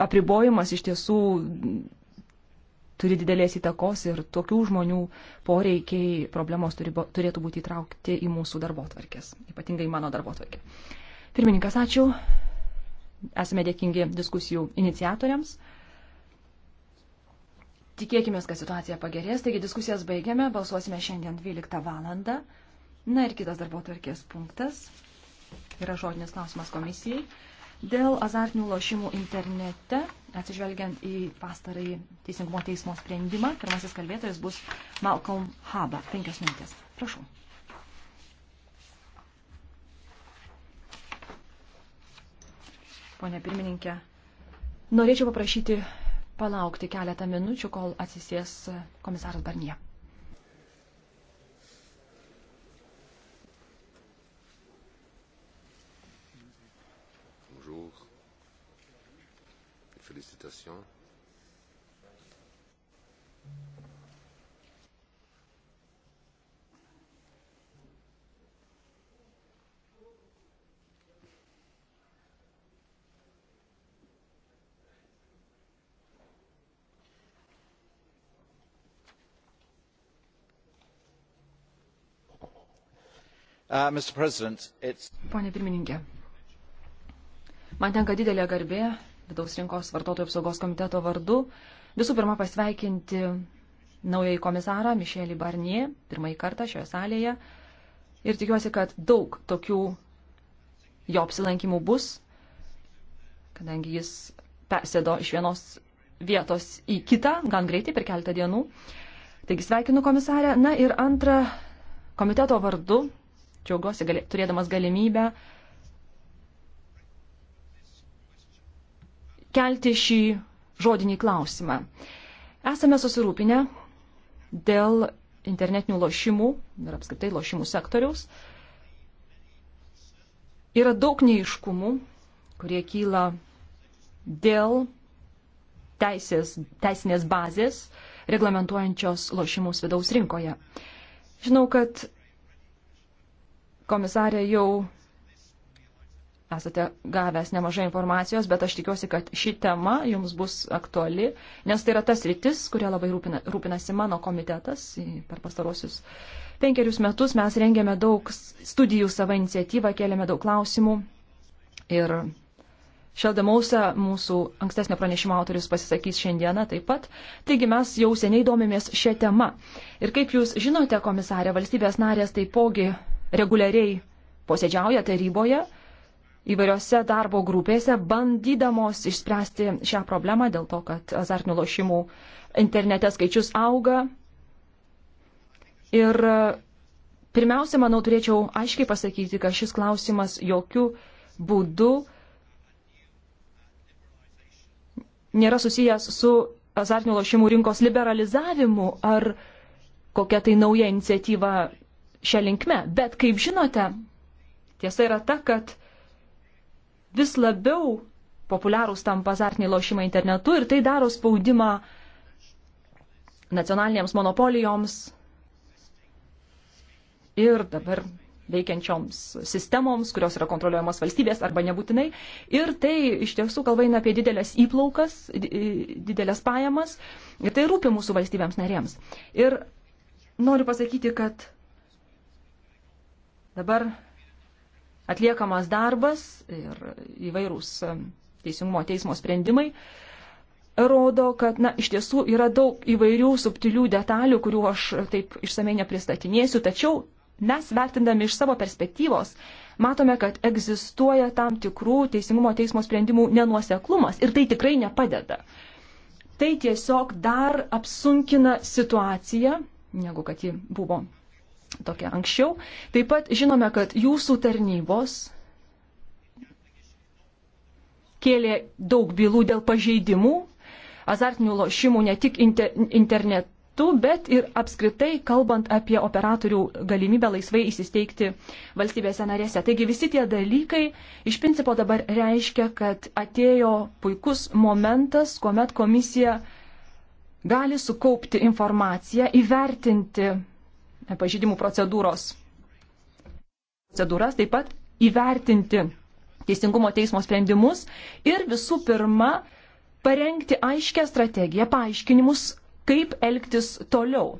apribojimas iš tiesų turi didelės įtakos ir tokių žmonių poreikiai, problemos turi, turėtų būti įtraukti į mūsų darbo tvarkės, ypatingai į mano darbo tvarkę. Pirmininkas, ačiū. Esame dėkingi diskusijų iniciatoriams. Tikėkime, kad situacija pagerės. Taigi diskusijas baigiame, balsuosime šiandien 12 valandą. Na ir kitas darbo tvarkės punktas yra žodinis klausimas komisijai. Dėl azartinių lošimų internete, atsižvelgiant į pastarąjį Teisingumo teismo sprendimą, pirmasis kalbėtojas bus Malcolm Haba. Penkios minutės. Prašau. Pone pirmininkė, norėčiau paprašyti palaukti keletą minučių, kol atsisės komisaras Barnie. Félicitations. Uh, pone pirmininke man tenka didelė garbė vidaus rinkos vartotojų apsaugos komiteto vardu visų pirma pasveikinti naująjį komisarą Mišelį Barnie, pirmąjį kartą šioje salėje. Ir tikiuosi, kad daug tokių jo apsilankimų bus, kadangi jis persėdo iš vienos vietos į kitą, gan greitai per keletą dienų. Taigi sveikinu komisarę. Na ir antrą komiteto vardu džiaugiuosi galė, turėdamas galimybę uh, kelti šį žodinį klausimą. Esame susirūpinę dėl internetinių lošimų ir apskritai lošimų sektoriaus. Yra daug neiškumų, kurie kyla dėl teisės, teisinės bazės, reglamentuojančios lošimus vidaus rinkoje. Žinau, kad komisarė jau esate gavęs nemažai informacijos, bet aš tikiuosi, kad ši tema jums bus aktuali, nes tai yra tas rytis, kuria labai rūpina, rūpinasi mano komitetas per pastarosius penkerius metus. Mes rengėme daug studijų savo iniciatyvą, kėlėme daug klausimų ir Šeldamausa, mūsų ankstesnio pranešimo autorius, pasisakys šiandieną taip pat. Taigi mes jau seniai domimės šią temą. Ir kaip jūs žinote, komisarė, valstybės narės taipogi reguliariai posėdžiauja taryboje įvairiose darbo grupėse, bandydamos išspręsti šią problemą dėl to, kad azartinių lošimų internete skaičius auga. Ir e, pirmiausia, manau, turėčiau aiškiai pasakyti, kad šis klausimas jokių būdų nėra susijęs su azartinių lošimų rinkos liberalizavimu ar kokia tai nauja iniciatyva šią linkme. Bet kaip žinote, tiesa yra ta, kad vis labiau populiarūs tampa azartiniai lošimai internetu ir tai daro spaudimą nacionalinėms monopolijoms ir dabar veikiančioms sistemoms, kurios yra kontroliuojamos valstybės arba nebūtinai. Ir tai iš tiesų kalba eina apie didelės įplaukas, didelės pajamas ir tai rūpi mūsų valstybėms narėms. Ir noriu pasakyti, kad dabar atliekamas darbas ir įvairūs e, teisingumo teismo sprendimai rodo, kad na, iš tiesų yra daug įvairių subtilių detalių, kurių aš taip išsamei nepristatinėsiu, tačiau mes vertindami iš savo perspektyvos matome, kad egzistuoja tam tikrų teisingumo teismo sprendimų nenuoseklumas ir tai tikrai nepadeda. Tai tiesiog dar apsunkina situaciją, negu kad ji buvo tokia anksčiau. Taip pat žinome, kad jūsų tarnybos kėlė daug bylų dėl pažeidimų, azartinių lošimų ne tik inter, internetu, bet ir apskritai kalbant apie operatorių galimybę laisvai įsisteigti valstybėse narėse. Taigi visi tie dalykai iš principo dabar reiškia, kad atėjo puikus momentas, kuomet komisija gali sukaupti informaciją, įvertinti pažydimų procedūros. Procedūras taip pat įvertinti teisingumo teismo sprendimus ir visų pirma parengti aiškę strategiją, paaiškinimus, kaip elgtis toliau.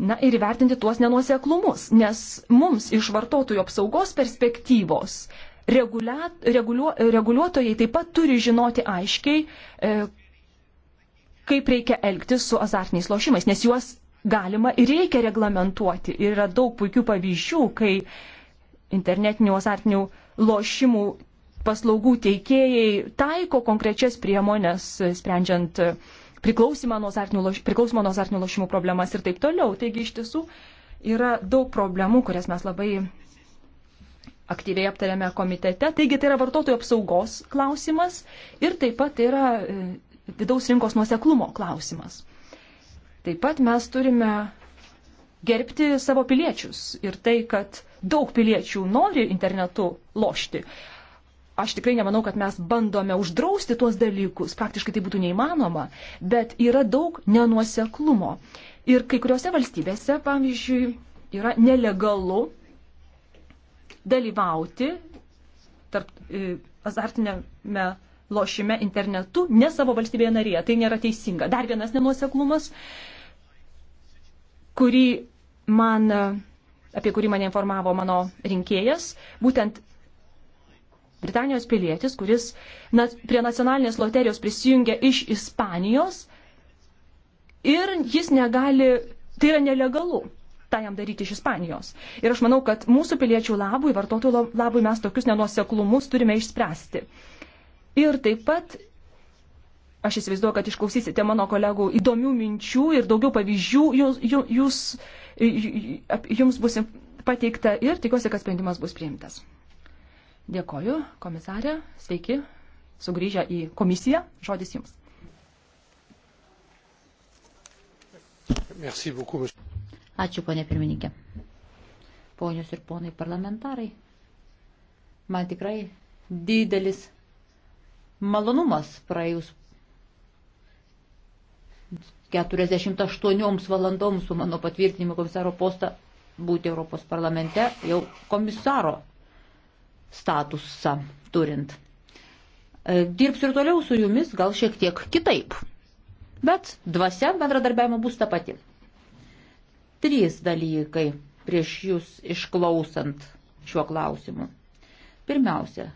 Na ir įvertinti tuos nenuoseklumus, nes mums iš vartotojų apsaugos perspektyvos regulia, reguliu, reguliuotojai taip pat turi žinoti aiškiai, e, kaip reikia elgtis su azartiniais lošimais, nes juos galima ir reikia reglamentuoti. Ir yra daug puikių pavyzdžių, kai internetinių azartinių lošimų paslaugų teikėjai taiko konkrečias priemonės, sprendžiant priklausimą nuo azartinių, loš, priklausimą nuo azartinių lošimų problemas ir taip toliau. Taigi iš tiesų yra daug problemų, kurias mes labai aktyviai aptarėme komitete. Taigi tai yra vartotojų apsaugos klausimas ir taip pat tai yra e, vidaus rinkos nuoseklumo klausimas. Taip pat mes turime gerbti savo piliečius ir tai, kad daug piliečių nori internetu lošti. Aš tikrai nemanau, kad mes bandome uždrausti tuos dalykus, praktiškai tai būtų neįmanoma, bet yra daug nenuoseklumo. Ir kai kuriuose valstybėse, pavyzdžiui, yra nelegalu dalyvauti tarp, e, azartinėme lošime internetu, ne savo valstybėje narėje. Tai nėra teisinga. Dar vienas nenuoseklumas, kurį man, apie kurį mane informavo mano rinkėjas, būtent Britanijos pilietis, kuris na, prie nacionalinės loterijos prisijungia iš Ispanijos ir jis negali, tai yra nelegalu tą jam daryti iš Ispanijos. Ir aš manau, kad mūsų piliečių labui, vartotojų labui mes tokius nenuoseklumus turime išspręsti. Ir taip pat aš įsivaizduoju, kad išklausysite mano kolegų įdomių minčių ir daugiau pavyzdžių jūs, jūs, jums bus pateikta ir tikiuosi, kad sprendimas bus priimtas. Dėkoju, komisarė, sveiki, sugrįžę į komisiją, žodis jums. Ačiū, ponė pirmininkė. Ponios ir ponai parlamentarai, man tikrai didelis malonumas praėjus 48 valandoms su mano patvirtinimu komisaro postą būti Europos parlamente jau komisaro statusą turint. E, dirbsiu ir toliau su jumis, gal šiek tiek kitaip, bet dvasia bendradarbiavimo bus ta pati. Trys dalykai prieš jūs išklausant šiuo klausimu. Pirmiausia,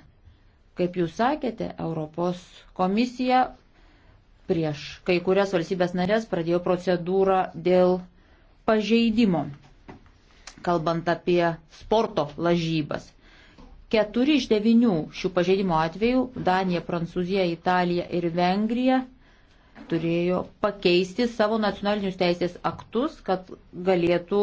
Kaip jūs sakėte, Europos komisija prieš kai kurias valstybės narės pradėjo procedūrą dėl pažeidimo, kalbant apie sporto lažybas. Keturi iš devinių šių pažeidimo atvejų - Danija, Prancūzija, Italija ir Vengrija turėjo pakeisti savo nacionalinius teisės aktus, kad galėtų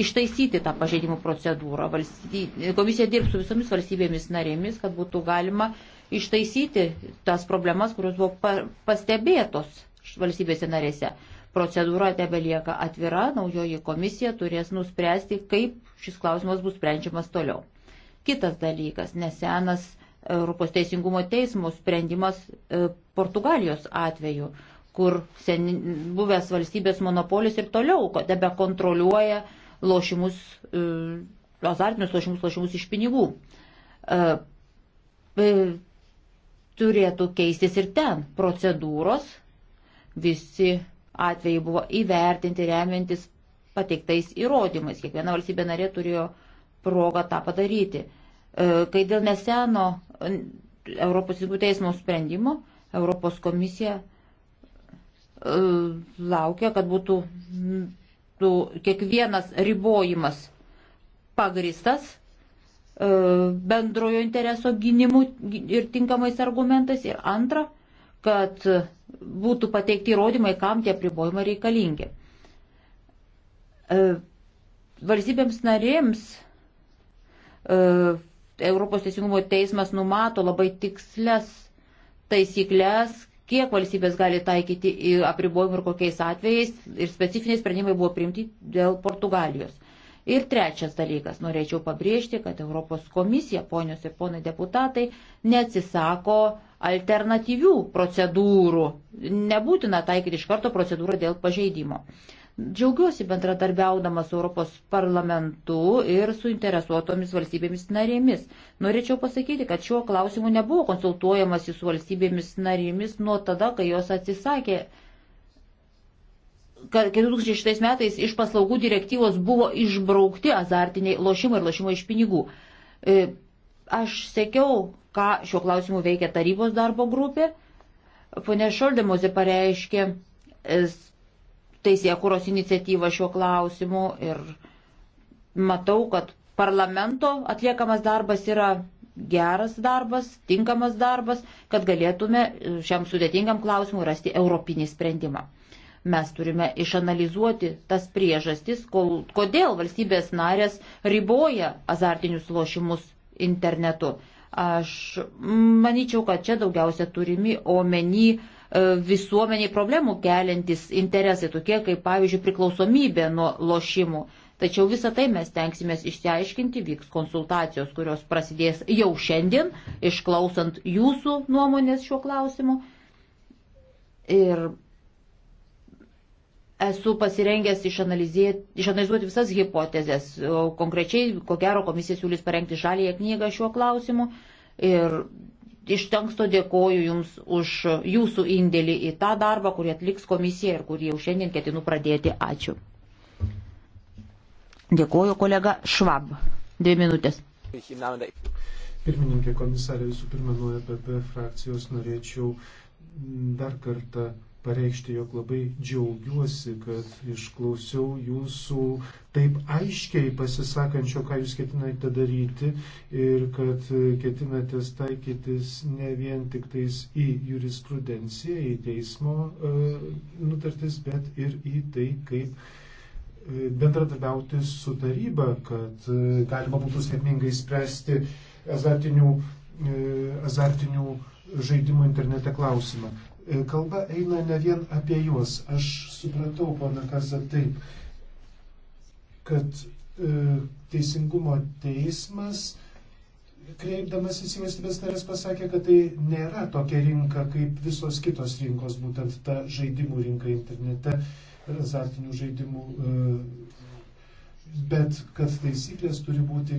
ištaisyti tą pažeidimų procedūrą. Valstybė, komisija dirbs su visomis valstybėmis narėmis, kad būtų galima ištaisyti tas problemas, kurios buvo pastebėtos valstybėse narėse. Procedūra tebelieka atvira, naujoji komisija turės nuspręsti, kaip šis klausimas bus sprendžiamas toliau. Kitas dalykas, nesenas Europos Teisingumo teismo sprendimas e, Portugalijos atveju kur seni, buvęs valstybės monopolis ir toliau tebe kontroliuoja lošimus, e, azartinius lošimus, lošimus iš pinigų. E, e, turėtų keistis ir ten procedūros, visi atvejai buvo įvertinti remiantis pateiktais įrodymais, kiekviena valstybė narė turėjo progą tą padaryti. E, kai dėl neseno Europos įgų teismo sprendimo Europos komisija E, laukia, kad būtų kiekvienas ribojimas pagristas e, bendrojo intereso gynimu ir tinkamais argumentais. Ir antra, kad būtų pateikti įrodymai, kam tie pribojimai reikalingi. E, valstybėms narėms Europos Teisingumo teismas numato labai tikslias taisyklės, kiek valstybės gali taikyti apribojimų ir kokiais atvejais ir specifiniai sprendimai buvo priimti dėl Portugalijos. Ir trečias dalykas, norėčiau pabrėžti, kad Europos komisija, ponios ir ponai deputatai, neatsisako alternatyvių procedūrų. Nebūtina taikyti iš karto procedūrą dėl pažeidimo. Uh, Džiaugiuosi bendradarbiaudama su Europos parlamentu ir suinteresuotomis valstybėmis narėmis. Norėčiau pasakyti, kad šiuo klausimu nebuvo konsultuojamasi su valstybėmis narėmis nuo tada, kai jos atsisakė, kad 2006 metais iš paslaugų direktyvos buvo išbraukti azartiniai lošimai ir lošimai iš pinigų. E, aš sekiau, ką šiuo klausimu veikia tarybos darbo grupė. Pone Šoldemoze pareiškė e, teisėkuros iniciatyvą šiuo klausimu ir matau, kad parlamento atliekamas darbas yra geras darbas, tinkamas darbas, kad galėtume šiam sudėtingam klausimui rasti europinį sprendimą. Mes turime išanalizuoti tas priežastis, kol, kodėl valstybės narės riboja azartinius lošimus internetu. Aš manyčiau, kad čia daugiausia turimi omeny uh, E, visuomeniai problemų keliantis interesai, tokie kaip pavyzdžiui priklausomybė nuo lošimų. Tačiau visą tai mes tenksimės išsiaiškinti, vyks konsultacijos, kurios prasidės jau šiandien, išklausant jūsų nuomonės šiuo klausimu. Ir esu pasirengęs išanalizuoti visas hipotezės. Konkrečiai, ko gero, komisija siūlys parengti žalėje knygą šiuo klausimu. Ir iš tenksto dėkoju Jums už Jūsų indėlį į tą darbą, kurį atliks komisija ir kurį jau šiandien ketinu pradėti. Ačiū. Dėkoju kolega Švab. Dvi minutės. Pirmininkė komisarė, visų pirma, nuo EPP frakcijos norėčiau dar kartą pareikšti, jog labai džiaugiuosi, kad išklausiau jūsų taip aiškiai pasisakančio, ką jūs ketinate daryti ir kad ketinate taikytis ne vien tik tais į jurisprudenciją, į teismo e, nutartis, bet ir į tai, kaip e, bendradarbiauti su taryba, kad e, galima būtų sėkmingai spręsti azartinių, azartinių žaidimų internete klausimą. E, kalba eina ne vien apie juos. Aš supratau, pana Kaza, taip, kad e, teisingumo teismas kreipdamasis į valstybės narės pasakė, kad tai nėra tokia rinka kaip visos kitos rinkos, būtent ta žaidimų rinka internete, azartinių žaidimų, e, bet kad taisyklės turi būti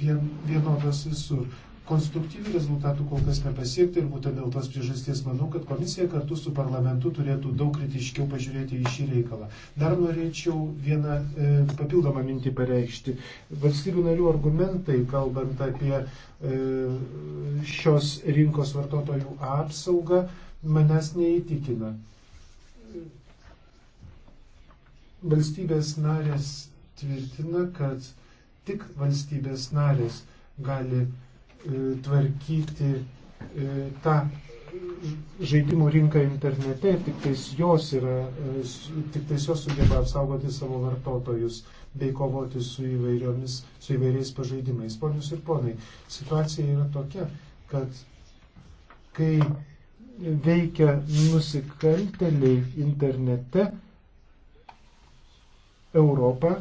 vien, vienodos visur. Konstruktyvių rezultatų kol kas nepasiekti ir būtent dėl tos priežasties manau, kad komisija kartu su parlamentu turėtų daug kritiškiau pažiūrėti į šį reikalą. Dar norėčiau vieną e, papildomą mintį pareikšti. Valstybių narių argumentai, kalbant apie e, šios rinkos vartotojų apsaugą, manęs neįtikina. Valstybės narės tvirtina, kad tik valstybės narės gali E, tvarkyti e, tą žaidimų rinką internete ir tik tais jos, yra, e, tik tais jos sugeba apsaugoti savo vartotojus bei kovoti su, su įvairiais pažeidimais. Ponius ir ponai, situacija yra tokia, kad kai veikia nusikalteliai internete, Europa,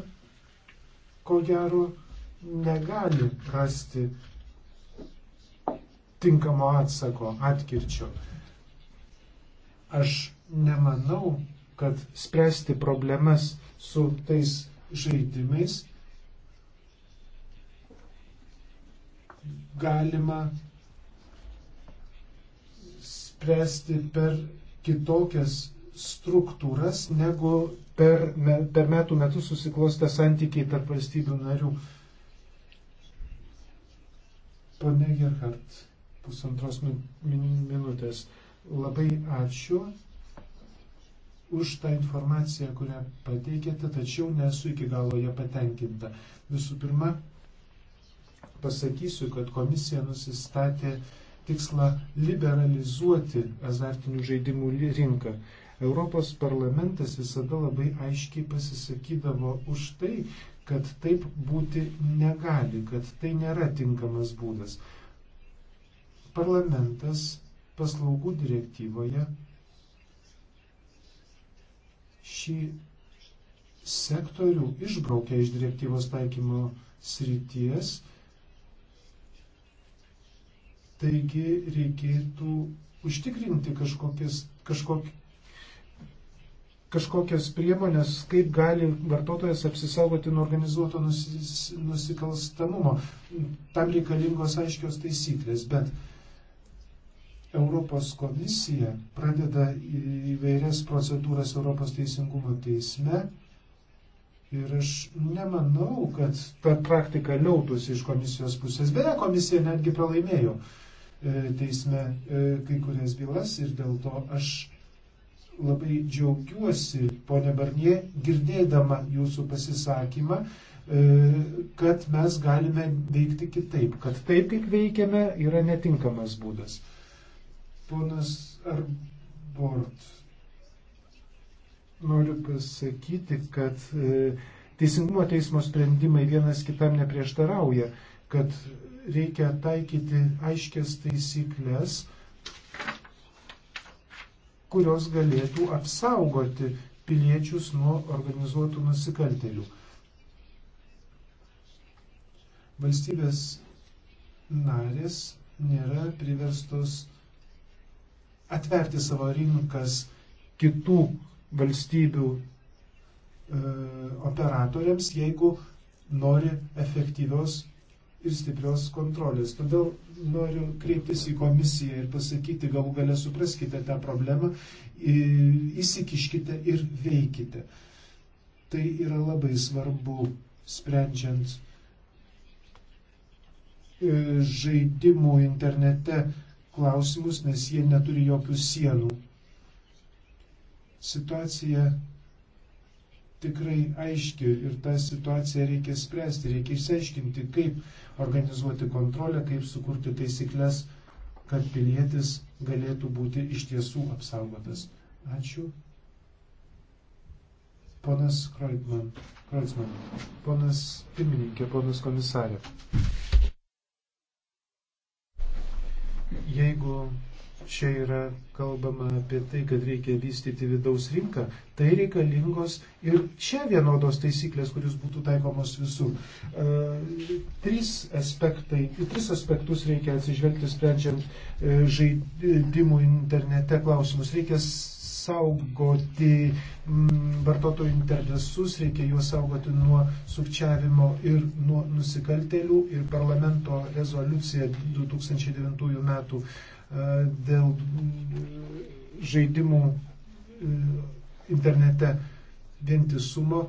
ko gero, negali rasti tinkamo atsako, atkirčio. Aš nemanau, kad spręsti problemas su tais žaidimais galima spręsti per kitokias struktūras, negu per, per metų metus susiklostę santykiai tarp valstybių narių. Pane Gerhardt pusantros minutės. Labai ačiū už tą informaciją, kurią pateikėte, tačiau nesu iki galo ją patenkinta. Visų pirma, pasakysiu, kad komisija nusistatė tikslą liberalizuoti azartinių žaidimų rinką. Europos parlamentas visada labai aiškiai pasisakydavo už tai, kad taip būti negali, kad tai nėra tinkamas būdas. Parlamentas paslaugų direktyvoje šį sektorių išbraukia iš direktyvos taikymo srities, taigi reikėtų užtikrinti kažkokias, kažkok, kažkokias priemonės, kaip gali vartotojas apsisaugoti nuo organizuoto nusikalstamumo. Tam reikalingos aiškios taisyklės, bet Europos komisija pradeda įvairias procedūras Europos teisingumo teisme ir aš nemanau, kad ta praktika liautųsi iš komisijos pusės. Beje, komisija netgi pralaimėjo e, teisme e, kai kurias bylas ir dėl to aš labai džiaugiuosi, ponė Barnie, girdėdama jūsų pasisakymą, e, kad mes galime veikti kitaip, kad taip, kaip veikiame, yra netinkamas būdas. Ponas Arbort, noriu pasakyti, kad e, Teisingumo teismo sprendimai vienas kitam neprieštarauja, kad reikia taikyti aiškias taisyklės, kurios galėtų apsaugoti piliečius nuo organizuotų nusikaltelių. Valstybės narės nėra priverstos atverti savo rinkas kitų valstybių e, operatoriams, jeigu nori efektyvios ir stiprios kontrolės. Todėl noriu kreiptis į komisiją ir pasakyti, galų galę supraskite tą problemą, įsikiškite ir veikite. Tai yra labai svarbu sprendžiant e, žaidimų internete klausimus, nes jie neturi jokių sienų. Situacija tikrai aiški ir tą situaciją reikia spręsti, reikia išsiaiškinti, kaip organizuoti kontrolę, kaip sukurti taisyklės, kad pilietis galėtų būti iš tiesų apsaugotas. Ačiū. Ponas Kreutzmann, Kreutzmann, ponas pirmininkė, ponas komisarė. Jeigu čia yra kalbama apie tai, kad reikia vystyti vidaus rinką, tai reikalingos ir čia vienodos taisyklės, kuris būtų taikomos visų. E, trys aspektai, į tris aspektus reikia atsižvelgti, sprendžiant e, žaidimų internete klausimus. Reikia saugoti mm, vartotojų interesus, reikia juos saugoti nuo sukčiavimo ir nuo nusikaltelių. Ir parlamento rezoliucija 2009 metų e, dėl mm, žaidimų e, internete vientisumo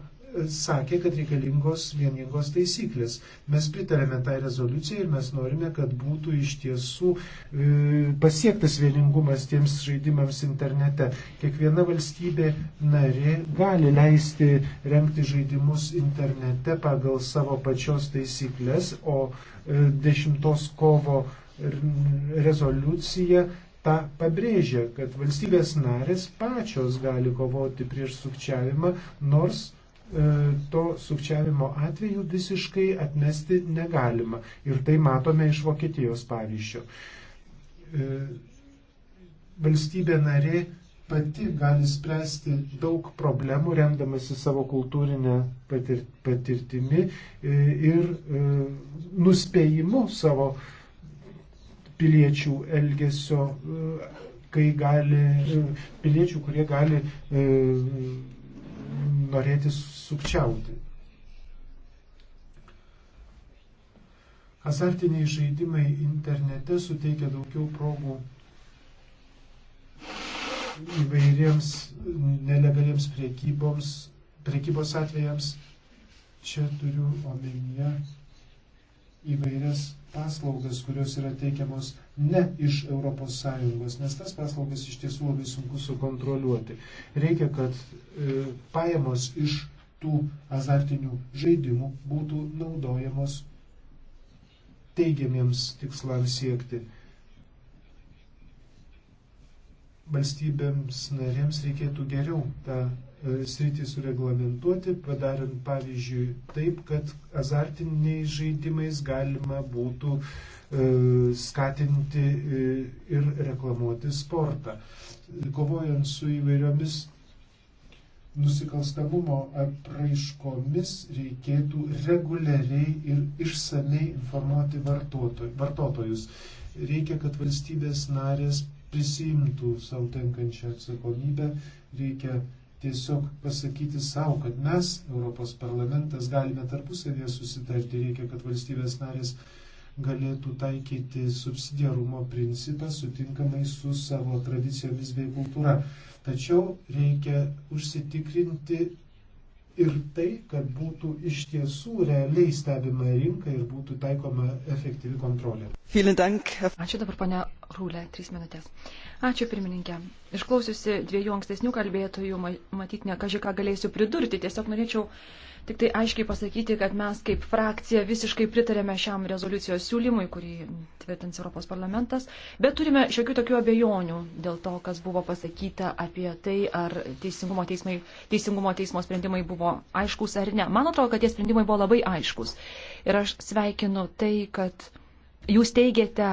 sakė, kad reikalingos vieningos taisyklės. Mes pritarėme tai rezoliucijai ir mes norime, kad būtų iš tiesų e, pasiektas vieningumas tiems žaidimams internete. Kiekviena valstybė narė gali leisti renkti žaidimus internete pagal savo pačios taisyklės, o e, 10 kovo rezoliucija tą pabrėžia, kad valstybės narės pačios gali kovoti prieš sukčiavimą, nors E, to sukčiavimo atveju visiškai atmesti negalima. Ir tai matome iš Vokietijos pavyzdžio. E, valstybė narė pati gali spręsti daug problemų, remdamasi savo kultūrinę patirtimi e, ir nuspėjimu savo piliečių elgesio, kai gali, piliečių, kurie gali norėti sukčiauti. Azartiniai žaidimai internete suteikia daugiau progų įvairiems nelegaliems priekyboms, priekybos atvejams. Čia turiu omenyje įvairias paslaugas, kurios yra teikiamos ne iš ES, nes tas paslaugas iš tiesų labai sunku sukontroliuoti. Reikia, kad e, pajamos iš tų azartinių žaidimų būtų naudojamos teigiamiems tikslams siekti. Valstybėms narėms reikėtų geriau tą E, sritį sureglamentuoti, padarant pavyzdžiui taip, kad azartiniais žaidimais galima būtų e, skatinti e, ir reklamuoti sportą. Kovojant su įvairiomis nusikalstamumo apraiškomis reikėtų reguliariai ir išsamei informuoti vartotojus. Reikia, kad valstybės narės prisimtų savo tenkančią atsakomybę, reikia tiesiog pasakyti savo, kad mes, Europos parlamentas, galime tarpusavėje susitarti. Reikia, kad valstybės narės galėtų taikyti subsidiarumo principą sutinkamai su savo tradicijomis bei kultūra. Tačiau reikia užsitikrinti ir tai, kad būtų iš tiesų realiai stebima rinka ir būtų taikoma efektyvi kontrolė. Ačiū dabar, ponia Rūlė, trys minutės. Ačiū, pirmininkė. Išklausiusi dviejų ankstesnių kalbėtojų, matyt, ne kažką galėsiu pridurti, tiesiog norėčiau tik tai aiškiai pasakyti, kad mes kaip frakcija visiškai pritarėme šiam rezoliucijos siūlymui, kurį tvirtins Europos parlamentas, bet turime šiokių tokių abejonių dėl to, kas buvo pasakyta apie tai, ar teisingumo, teismai, teisingumo teismo sprendimai buvo aiškus ar ne. Man atrodo, kad tie sprendimai buvo labai aiškus. Ir aš sveikinu tai, kad jūs teigiate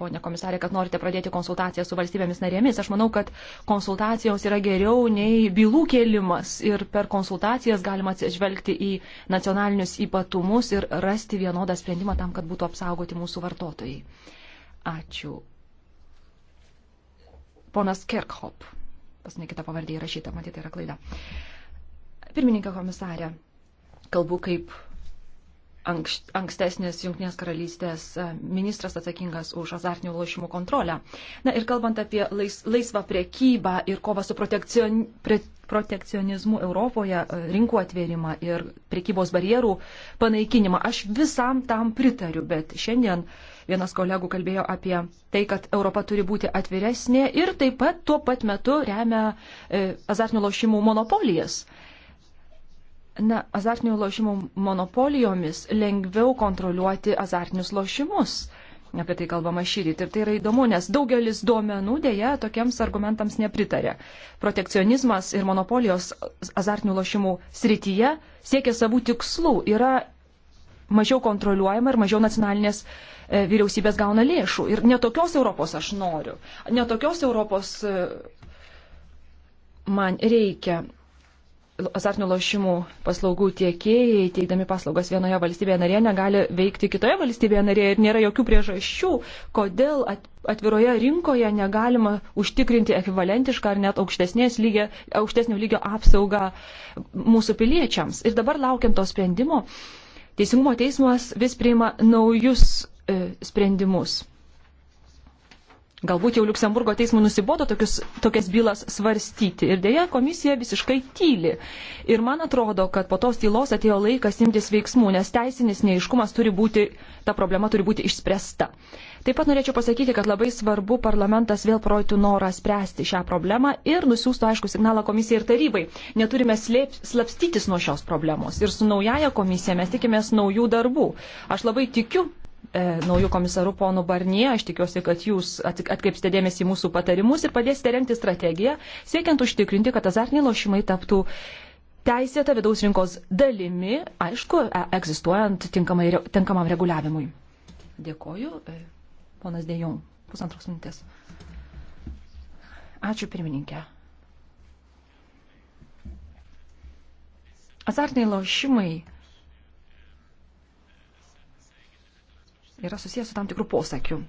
ponė komisarė, kad norite pradėti konsultaciją su valstybėmis narėmis. Aš manau, kad konsultacijos yra geriau nei bylų kėlimas ir per konsultacijas galima atsižvelgti į nacionalinius ypatumus ir rasti vienodą sprendimą tam, kad būtų apsaugoti mūsų vartotojai. Ačiū. Ponas Kirkhop. Pasakykite pavardį įrašytą, matyt, tai yra klaida. Pirmininkė komisarė, kalbu kaip ankstesnis Junktinės karalystės e, ministras atsakingas už azartinių lošimų kontrolę. Na ir kalbant apie lais, laisvą priekybą ir kovą su protekcion, pre, protekcionizmu Europoje, e, rinkų atvėrimą ir priekybos barjerų panaikinimą, aš visam tam pritariu, bet šiandien vienas kolegų kalbėjo apie tai, kad Europa turi būti atviresnė ir taip pat tuo pat metu remia e, azartinių lošimų monopolijas na, azartinių lošimų monopolijomis lengviau kontroliuoti azartinius lošimus. Apie tai kalbama šyryt. Ir tai yra įdomu, nes daugelis duomenų dėja tokiems argumentams nepritarė. Protekcionizmas ir monopolijos azartinių lošimų srityje siekia savų tikslų, yra mažiau kontroliuojama ir mažiau nacionalinės e, vyriausybės gauna lėšų. Ir netokios Europos aš noriu. Netokios Europos e, man reikia azartinių lošimų paslaugų tiekėjai, teikdami paslaugas vienoje valstybėje narėje, negali veikti kitoje valstybėje narėje ir nėra jokių priežasčių, kodėl atviroje rinkoje negalima užtikrinti ekvivalentišką ar net lygio, aukštesnio lygio apsaugą mūsų piliečiams. Ir dabar laukiam to sprendimo. Teisingumo teismas vis priima naujus e, sprendimus. Galbūt jau Luksemburgo teismų nusibodo tokius, tokias bylas svarstyti ir dėja komisija visiškai tyli. Ir man atrodo, kad po tos tylos atėjo laikas imtis veiksmų, nes teisinis neiškumas turi būti, ta problema turi būti išspręsta. Taip pat norėčiau pasakyti, kad labai svarbu parlamentas vėl projektų norą spręsti šią problemą ir nusiųstų aišku signalą komisijai ir tarybai. Neturime slėp, slapstytis nuo šios problemos ir su naujaja komisija mes tikimės naujų darbų. Aš labai tikiu E, naujų komisarų ponų Barnie. Aš tikiuosi, kad jūs atkreipsite dėmesį į mūsų patarimus ir padėsite rengti strategiją, siekiant užtikrinti, kad azartiniai lošimai taptų teisėta vidaus rinkos dalimi, aišku, e, egzistuojant tinkamai, tinkamam reguliavimui. Dėkoju. E, ponas Dėjom, pusantros minutės. Ačiū pirmininkė. Azartiniai lošimai yra susijęs su tam tikrų posakių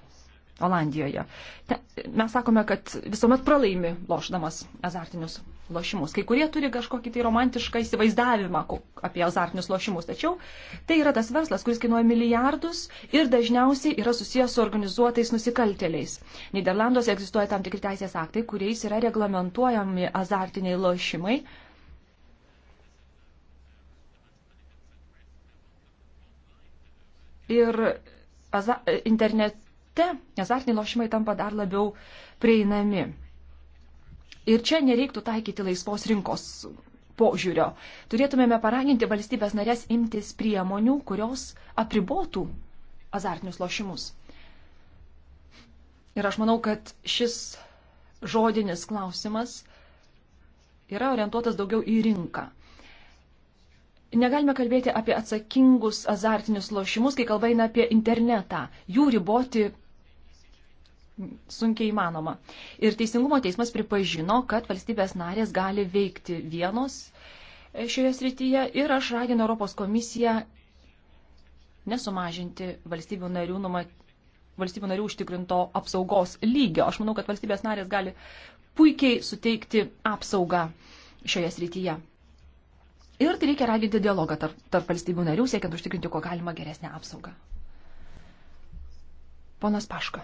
Olandijoje. Te, mes sakome, kad visuomet pralaimi lošdamas azartinius lošimus. Kai kurie turi kažkokį tai romantišką įsivaizdavimą apie azartinius lošimus, tačiau tai yra tas verslas, kuris kainuoja milijardus ir dažniausiai yra susijęs su organizuotais nusikaltėliais. Niderlanduose egzistuoja tam tikri teisės aktai, kuriais yra reglamentuojami azartiniai lošimai. Ir internete azartiniai lošimai tampa dar labiau prieinami. Ir čia nereiktų taikyti laisvos rinkos požiūrio. Turėtumėme paraginti valstybės narės imtis priemonių, kurios apribotų azartinius lošimus. Ir aš manau, kad šis žodinis klausimas yra orientuotas daugiau į rinką. Negalime kalbėti apie atsakingus azartinius lošimus, kai kalba eina apie internetą. Jų riboti sunkiai įmanoma. Ir Teisingumo teismas pripažino, kad valstybės narės gali veikti vienos šioje srityje ir aš raginu Europos komisiją nesumažinti valstybių narių, numat, valstybių narių užtikrinto apsaugos lygio. Aš manau, kad valstybės narės gali puikiai suteikti apsaugą šioje srityje. Ir tai reikia raginti dialogą tarp, tarp valstybių narių, siekiant užtikrinti kuo galima geresnę apsaugą. Ponas Paška.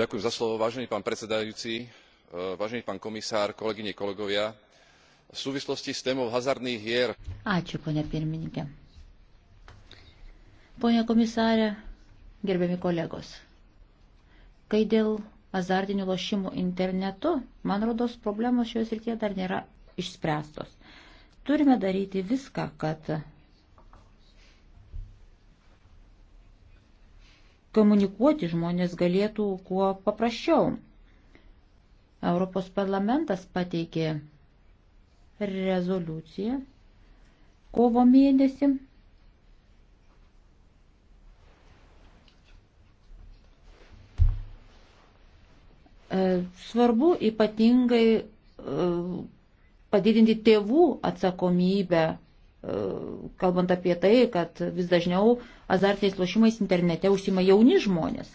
Ďakujem za slovo, vážený pán predsedajúci, eh, vážený pán komisár, kolegyne, kolegovia. V súvislosti s témou hazardných hier. Ačiū, ponia pirmininkė. Pone komisarė, gerbiami kolegos, kai dėl azartinių lošimų internetu, man rodos, problemos šioje srityje dar nėra išspręstos. Turime daryti viską, kad komunikuoti žmonės galėtų kuo paprasčiau. Europos parlamentas pateikė rezoliuciją kovo mėnesį. E, svarbu ypatingai e, padidinti tėvų atsakomybę, e, kalbant apie tai, kad vis dažniau azartiniais lošimais internete užsima jauni žmonės.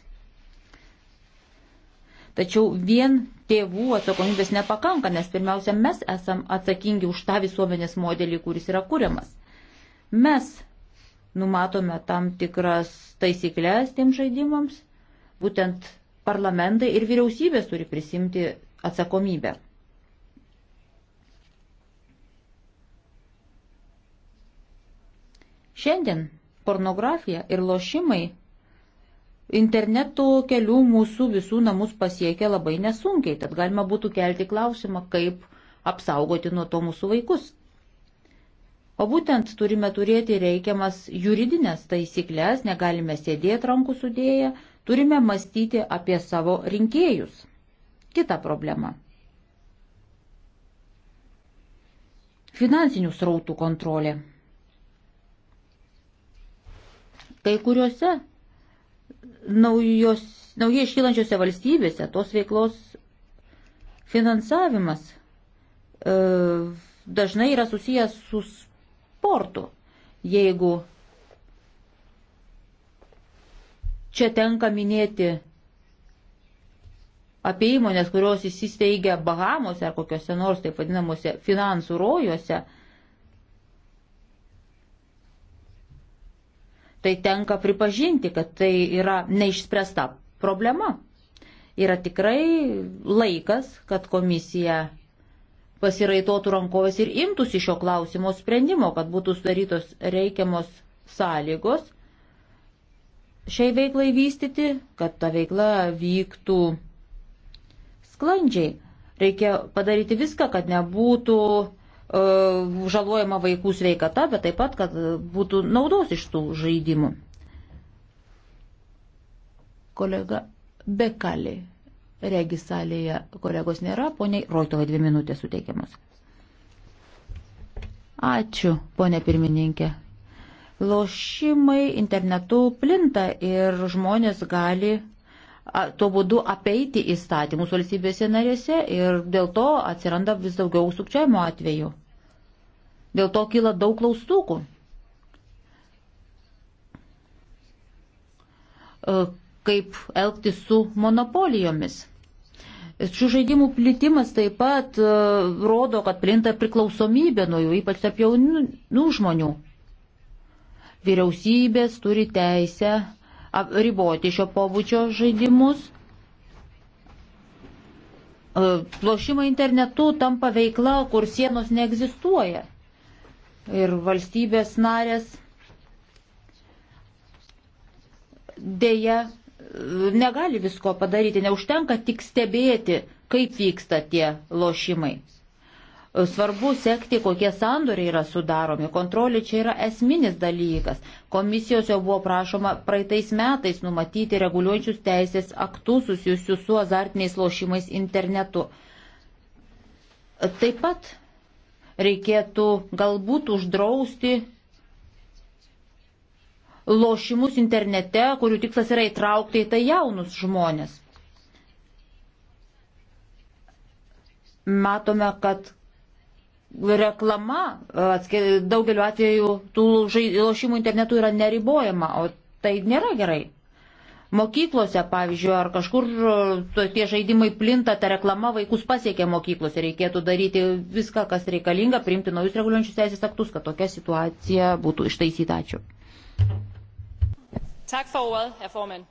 Tačiau vien tėvų atsakomybės nepakanka, nes pirmiausia, mes esam atsakingi už tą visuomenės modelį, kuris yra kuriamas. Mes numatome tam tikras taisyklės tiem žaidimams, būtent parlamentai ir vyriausybės turi prisimti atsakomybę. Šiandien pornografija ir lošimai interneto kelių mūsų visų namus pasiekia labai nesunkiai, tad galima būtų kelti klausimą, kaip apsaugoti nuo to mūsų vaikus. O būtent turime turėti reikiamas juridinės taisyklės, negalime sėdėti rankų sudėję, turime mąstyti apie savo rinkėjus. Kita problema. Finansinių srautų kontrolė. Kai kuriuose naujos, naujai iškylančiose valstybėse tos veiklos finansavimas e, dažnai yra susijęs su sportu. Jeigu čia tenka minėti apie įmonės, kurios įsisteigia Bahamose ar kokiuose nors taip vadinamuose finansų rojuose, tai tenka pripažinti, kad tai yra neišspręsta problema. Yra tikrai laikas, kad komisija pasiraitotų rankovės ir imtųsi šio klausimo sprendimo, kad būtų sudarytos reikiamos sąlygos šiai veiklai vystyti, kad ta veikla vyktų sklandžiai. Reikia padaryti viską, kad nebūtų E, žalojama vaikų sveikata, bet taip pat, kad būtų naudos iš tų žaidimų. Kolega Bekali, regisalėje kolegos nėra, poniai Roitovai dvi minutės suteikiamos. Ačiū, ponė pirmininkė. Lošimai internetu plinta ir žmonės gali tuo būdu apeiti įstatymus valstybėse narėse ir dėl to atsiranda vis daugiau sukčiavimo atvejų. Dėl to kyla daug klaustukų. E, kaip elgti su monopolijomis. Šių žaidimų plitimas taip pat e, rodo, kad plinta priklausomybė nuo jų, ypač tarp jaunų žmonių. Vyriausybės turi teisę riboti šio pobūdžio žaidimus. Plošimai e, internetu tampa veikla, kur sienos neegzistuoja. Ir valstybės narės dėja e, negali visko padaryti, neužtenka tik stebėti, kaip vyksta tie lošimai. Svarbu sekti, kokie sandoriai yra sudaromi. Kontrolė čia yra esminis dalykas. Komisijos jau buvo prašoma praeitais metais numatyti reguliuojančius teisės aktus susijusius su azartiniais lošimais internetu. Taip pat reikėtų galbūt uždrausti lošimus internete, kurių tikslas yra įtraukti į tai jaunus žmonės. Matome, kad reklama e, daugeliu atveju tų lošimų internetu yra neribojama, o tai nėra gerai. Mokyklose, pavyzdžiui, ar kažkur e, tie žaidimai plinta, ta reklama vaikus pasiekia mokyklose, reikėtų daryti viską, kas reikalinga, priimti naujus reguliuojančius teisės aktus, kad tokia situacija būtų ištaisyta. Ačiū. Øh,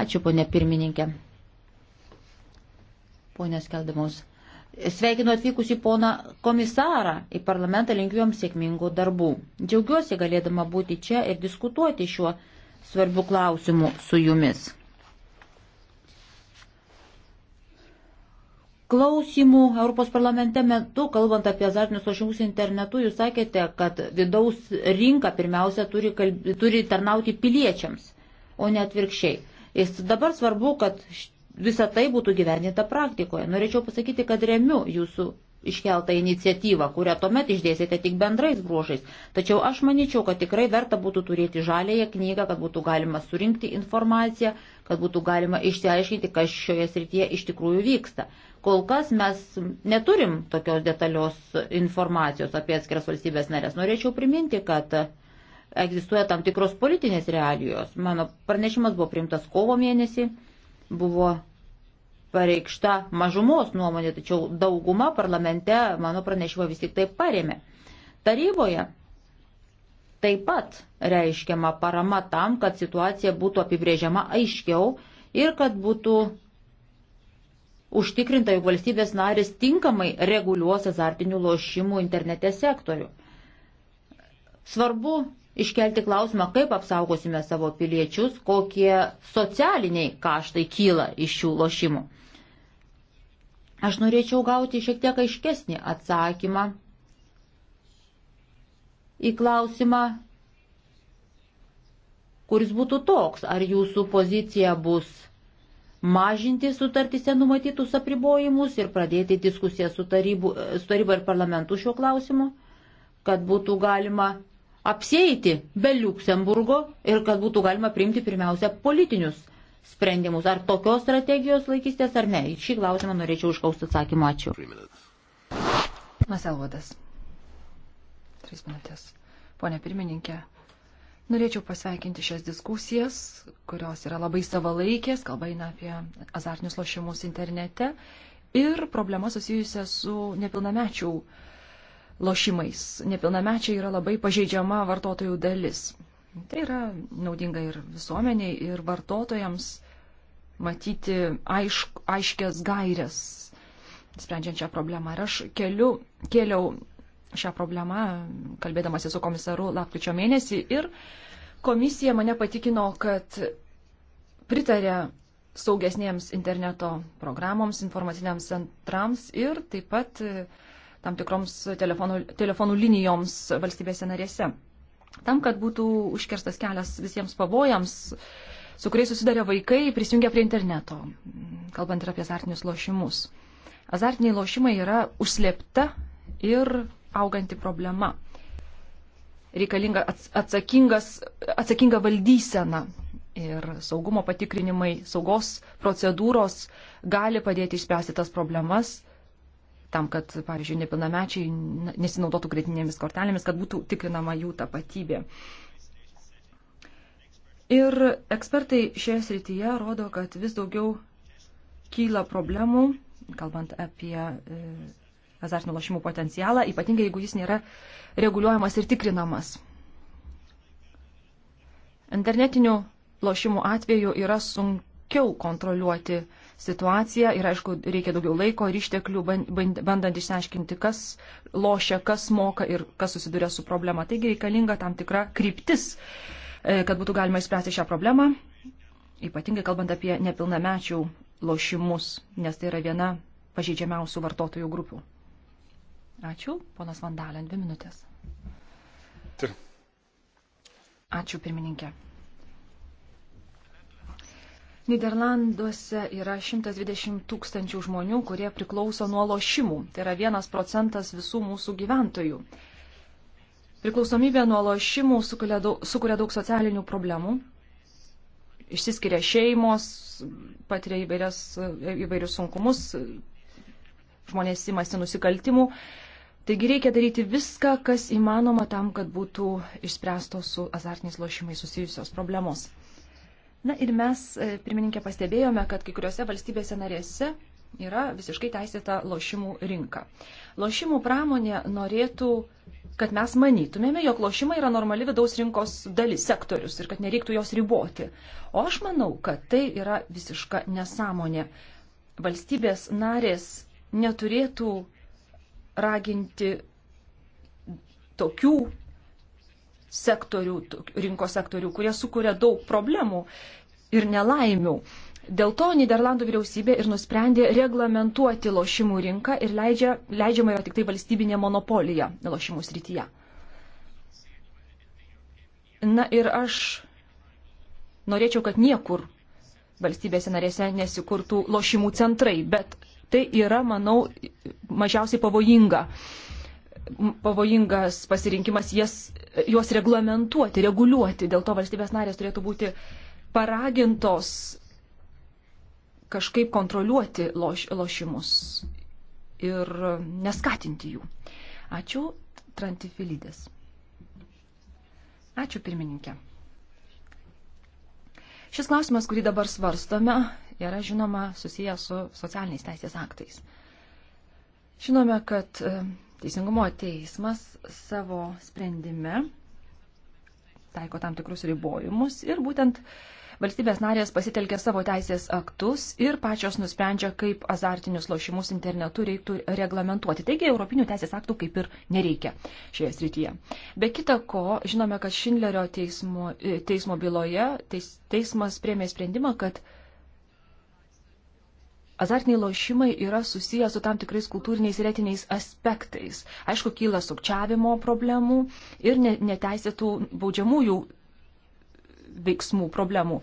Ačiū, ponė pirmininkė. Ponės Keldamus. Sveikinu atvykusi poną komisarą į parlamentą, linkiu jums sėkmingų darbų. Džiaugiuosi galėdama būti čia ir diskutuoti šiuo svarbiu klausimu su jumis. Klausimų Europos parlamente metu, kalbant apie azartinius lošimus internetu, jūs sakėte, kad vidaus rinka pirmiausia turi, kalb... turi tarnauti piliečiams, o ne atvirkščiai. Ir dabar svarbu, kad visa tai būtų gyveninta praktikoje. Norėčiau pasakyti, kad remiu jūsų iškeltą iniciatyvą, kurią tuomet išdėsite tik bendrais bruožais. Tačiau aš manyčiau, kad tikrai verta būtų turėti žalėje knygą, kad būtų galima surinkti informaciją, kad būtų galima išsiaiškinti, kas šioje srityje iš tikrųjų vyksta. Kol kas mes neturim tokios detalios informacijos apie atskiras valstybės narės. Norėčiau priminti, kad egzistuoja tam tikros politinės realijos. Mano pranešimas buvo priimtas kovo mėnesį buvo pareikšta mažumos nuomonė, tačiau dauguma parlamente mano pranešimą vis tik taip paremė. Taryboje taip pat reiškiama parama tam, kad situacija būtų apibrėžiama aiškiau ir kad būtų užtikrinta, jog valstybės narės tinkamai reguliuos azartinių lošimų internete sektorių. Svarbu iškelti klausimą, kaip apsaugosime savo piliečius, kokie socialiniai kaštai kyla iš šių lošimų. Aš norėčiau gauti šiek tiek aiškesnį atsakymą į klausimą, kuris būtų toks, ar jūsų pozicija bus mažinti sutartise numatytus apribojimus ir pradėti diskusiją su, tarybų, su taryba ir parlamentu šiuo klausimu, kad būtų galima apsėti be Luksemburgo ir kad būtų galima priimti pirmiausia politinius sprendimus. Ar tokios strategijos laikysitės ar ne? Į šį klausimą norėčiau užkausti atsakymą. Ačiū. Maselvodas. Tris minutės. Pone pirmininkė, norėčiau pasveikinti šias diskusijas, kurios yra labai savalaikės, kalba eina apie azartinius lošimus internete ir problemas susijusias su nepilnamečių uh, lošimais. Nepilnamečiai yra labai pažeidžiama vartotojų dalis. Tai yra naudinga ir visuomeniai, ir vartotojams matyti aišk, aiškias gairias, sprendžiant šią problemą. Ir aš keliu, kėliau šią problemą, kalbėdamasi su komisaru lapkričio mėnesį, ir komisija mane patikino, kad pritarė saugesniems interneto programoms, informaciniams centrams ir taip pat uh, tam tikroms telefonų, telefonų linijoms valstybėse narėse. Tam, kad būtų užkirstas kelias visiems pavojams, su kuriais susidarė vaikai, prisijungia prie interneto, kalbant ir apie azartinius lošimus. Azartiniai lošimai yra užslėpta ir auganti problema. Reikalinga atsakinga valdysena ir saugumo patikrinimai, saugos procedūros gali padėti išspręsti tas problemas tam, kad, pavyzdžiui, nepilnamečiai nesinaudotų greitinėmis kortelėmis, kad būtų tikrinama jų tapatybė. Ir ekspertai šioje srityje rodo, kad vis daugiau kyla problemų, kalbant apie e, azartinių lošimų potencialą, ypatingai jeigu jis nėra reguliuojamas ir tikrinamas. Internetinių lošimų atveju yra sunkiau kontroliuoti uh, situaciją ir, aišku, reikia daugiau laiko ir išteklių, bandant išsiaiškinti, kas lošia, kas moka ir kas susiduria su problema. Taigi reikalinga tam tikra kryptis, e, kad būtų galima išspręsti šią problemą, ypatingai kalbant apie nepilnamečių lošimus, nes tai yra viena pažeidžiamiausių vartotojų grupių. Ačiū, ponas Vandalė, dvi minutės. Ačiū, pirmininkė. Niderlanduose yra 120 tūkstančių žmonių, kurie priklauso nuo lošimų. Tai yra vienas procentas visų mūsų gyventojų. Priklausomybė nuo lošimų sukuria daug, sukuria daug socialinių problemų. Išsiskiria šeimos, patiria įvairias, įvairius sunkumus, žmonės imasi nusikaltimų. Taigi reikia daryti viską, kas įmanoma tam, kad būtų išspręstos su azartiniais lošimais susijusios problemos. Na ir mes, e, pirmininkė, pastebėjome, kad kai kuriuose valstybėse narėse yra visiškai teisėta lošimų rinka. Lošimų pramonė norėtų, kad mes manytumėme, jog lošimai yra normali vidaus rinkos dalis, sektorius ir kad nereiktų jos riboti. O aš manau, kad tai yra visiška nesąmonė. Valstybės narės neturėtų raginti tokių sektorių, rinkos sektorių, kurie sukuria daug problemų ir nelaimių. Dėl to Niderlandų vyriausybė ir nusprendė reglamentuoti lošimų rinką ir leidžia, leidžiama yra tik tai valstybinė monopolija lošimų srityje. Na ir aš norėčiau, kad niekur valstybėse narėse nesikurtų lošimų centrai, bet tai yra, manau, mažiausiai pavojinga pavojingas pasirinkimas jas, juos reglamentuoti, reguliuoti. Dėl to valstybės narės turėtų būti paragintos kažkaip kontroliuoti loš, lošimus ir neskatinti jų. Ačiū, Trantifilidės. Ačiū, pirmininkė. Šis klausimas, kurį dabar svarstome, yra žinoma susijęs su socialiniais teisės aktais. Žinome, kad Teisingumo teismas savo sprendime taiko tam tikrus ribojimus ir būtent valstybės narės pasitelkia savo teisės aktus ir pačios nusprendžia, kaip azartinius lošimus internetu reiktų reglamentuoti. Taigi, europinių teisės aktų kaip ir nereikia šioje srityje. Be kita ko, žinome, kad Šindlerio teismo, teismo byloje teis, teismas priemė sprendimą, kad Azartiniai lošimai yra susiję su tam tikrais kultūriniais ir etiniais aspektais. Aišku, kyla sukčiavimo problemų ir neteisėtų baudžiamųjų veiksmų problemų.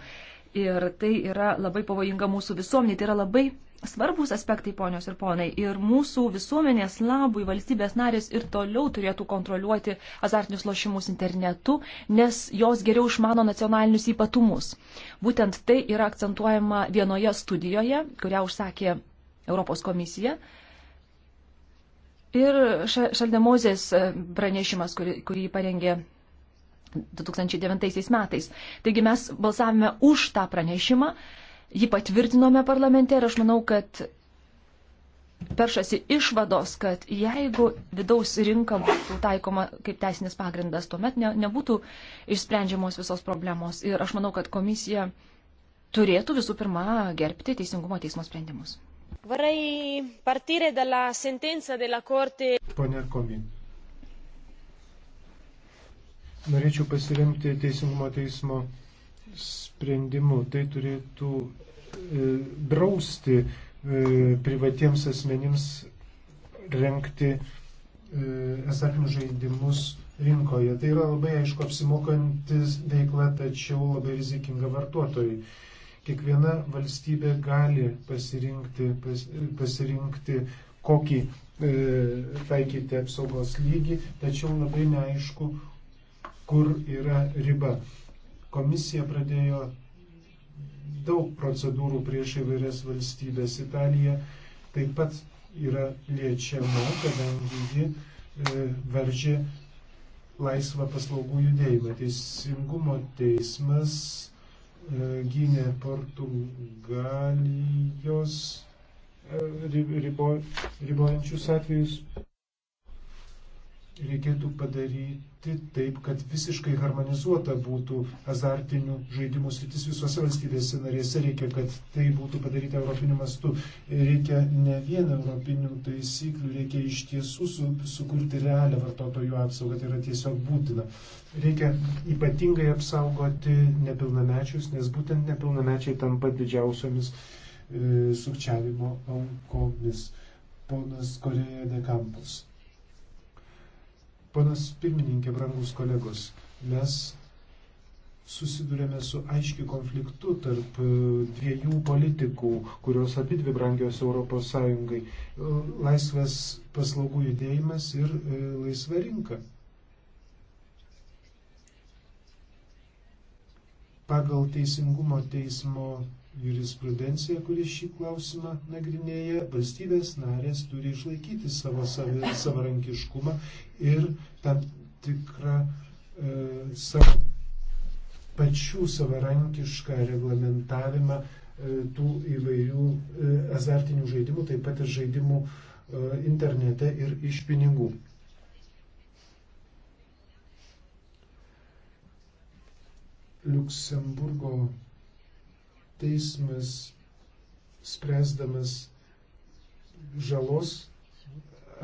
Ir tai yra labai pavojinga mūsų visuomenė, tai yra labai svarbus aspektai, ponios ir ponai, ir mūsų visuomenės labui valstybės narės ir toliau turėtų kontroliuoti azartinius lošimus internetu, nes jos geriau išmano nacionalinius ypatumus. Būtent tai yra akcentuojama vienoje studijoje, kurią užsakė Europos komisija. Ir Šaldemozės e, pranešimas, kurį, kurį parengė 2009 metais. Taigi mes balsavome už tą pranešimą Jį patvirtinome parlamente ir aš manau, kad peršasi išvados, kad jeigu vidaus rinka būtų taikoma kaip teisinis pagrindas, tuomet ne, nebūtų išsprendžiamos visos problemos. Ir aš manau, kad komisija turėtų visų pirma gerbti Teisingumo teismo sprendimus. Pone Komi, norėčiau pasiremti Teisingumo teismo sprendimu. Tai turėtų e, drausti e, privatiems asmenims renkti esapinių žaidimus rinkoje. Tai yra labai aišku apsimokantis veikla, tačiau labai rizikinga vartotojai. Kiekviena valstybė gali pasirinkti, pas, pasirinkti kokį e, taikyti apsaugos lygį, tačiau labai neaišku, kur yra riba. Komisija pradėjo daug procedūrų prieš įvairias valstybės. Italija taip pat yra liečiama, kadangi ji e, veržė laisvą paslaugų judėjimą. Teisingumo teismas e, gynė Portugalijos e, ribo, ribojančius atvejus reikėtų padaryti taip, kad visiškai harmonizuota būtų azartinių žaidimų sritis visose valstybėse narėse. Reikia, kad tai būtų padaryta europiniu mastu. Reikia ne vien europinių taisyklių, reikia iš tiesų su, sukurti realią vartotojų apsaugą. Tai yra tiesiog būtina. Reikia ypatingai apsaugoti nepilnamečius, nes būtent nepilnamečiai tampa didžiausiomis e, sukčiavimo aukomis. Ponas Korėja de Campos. Ponas pirmininkė, brangus kolegos, mes susidurėme su aiškiu konfliktu tarp e, dviejų politikų, kurios abidvi brangios ES - e, laisvas paslaugų judėjimas ir e, laisva rinka. Pagal teisingumo teismo jurisprudencija, kuris šį klausimą nagrinėja, valstybės narės turi išlaikyti savo savarankiškumą ir tam tikrą e, savo pačių savarankišką reglamentavimą e, tų įvairių e, azartinių žaidimų, taip pat ir žaidimų e, internete ir iš pinigų. Luksemburgo teismas spręsdamas žalos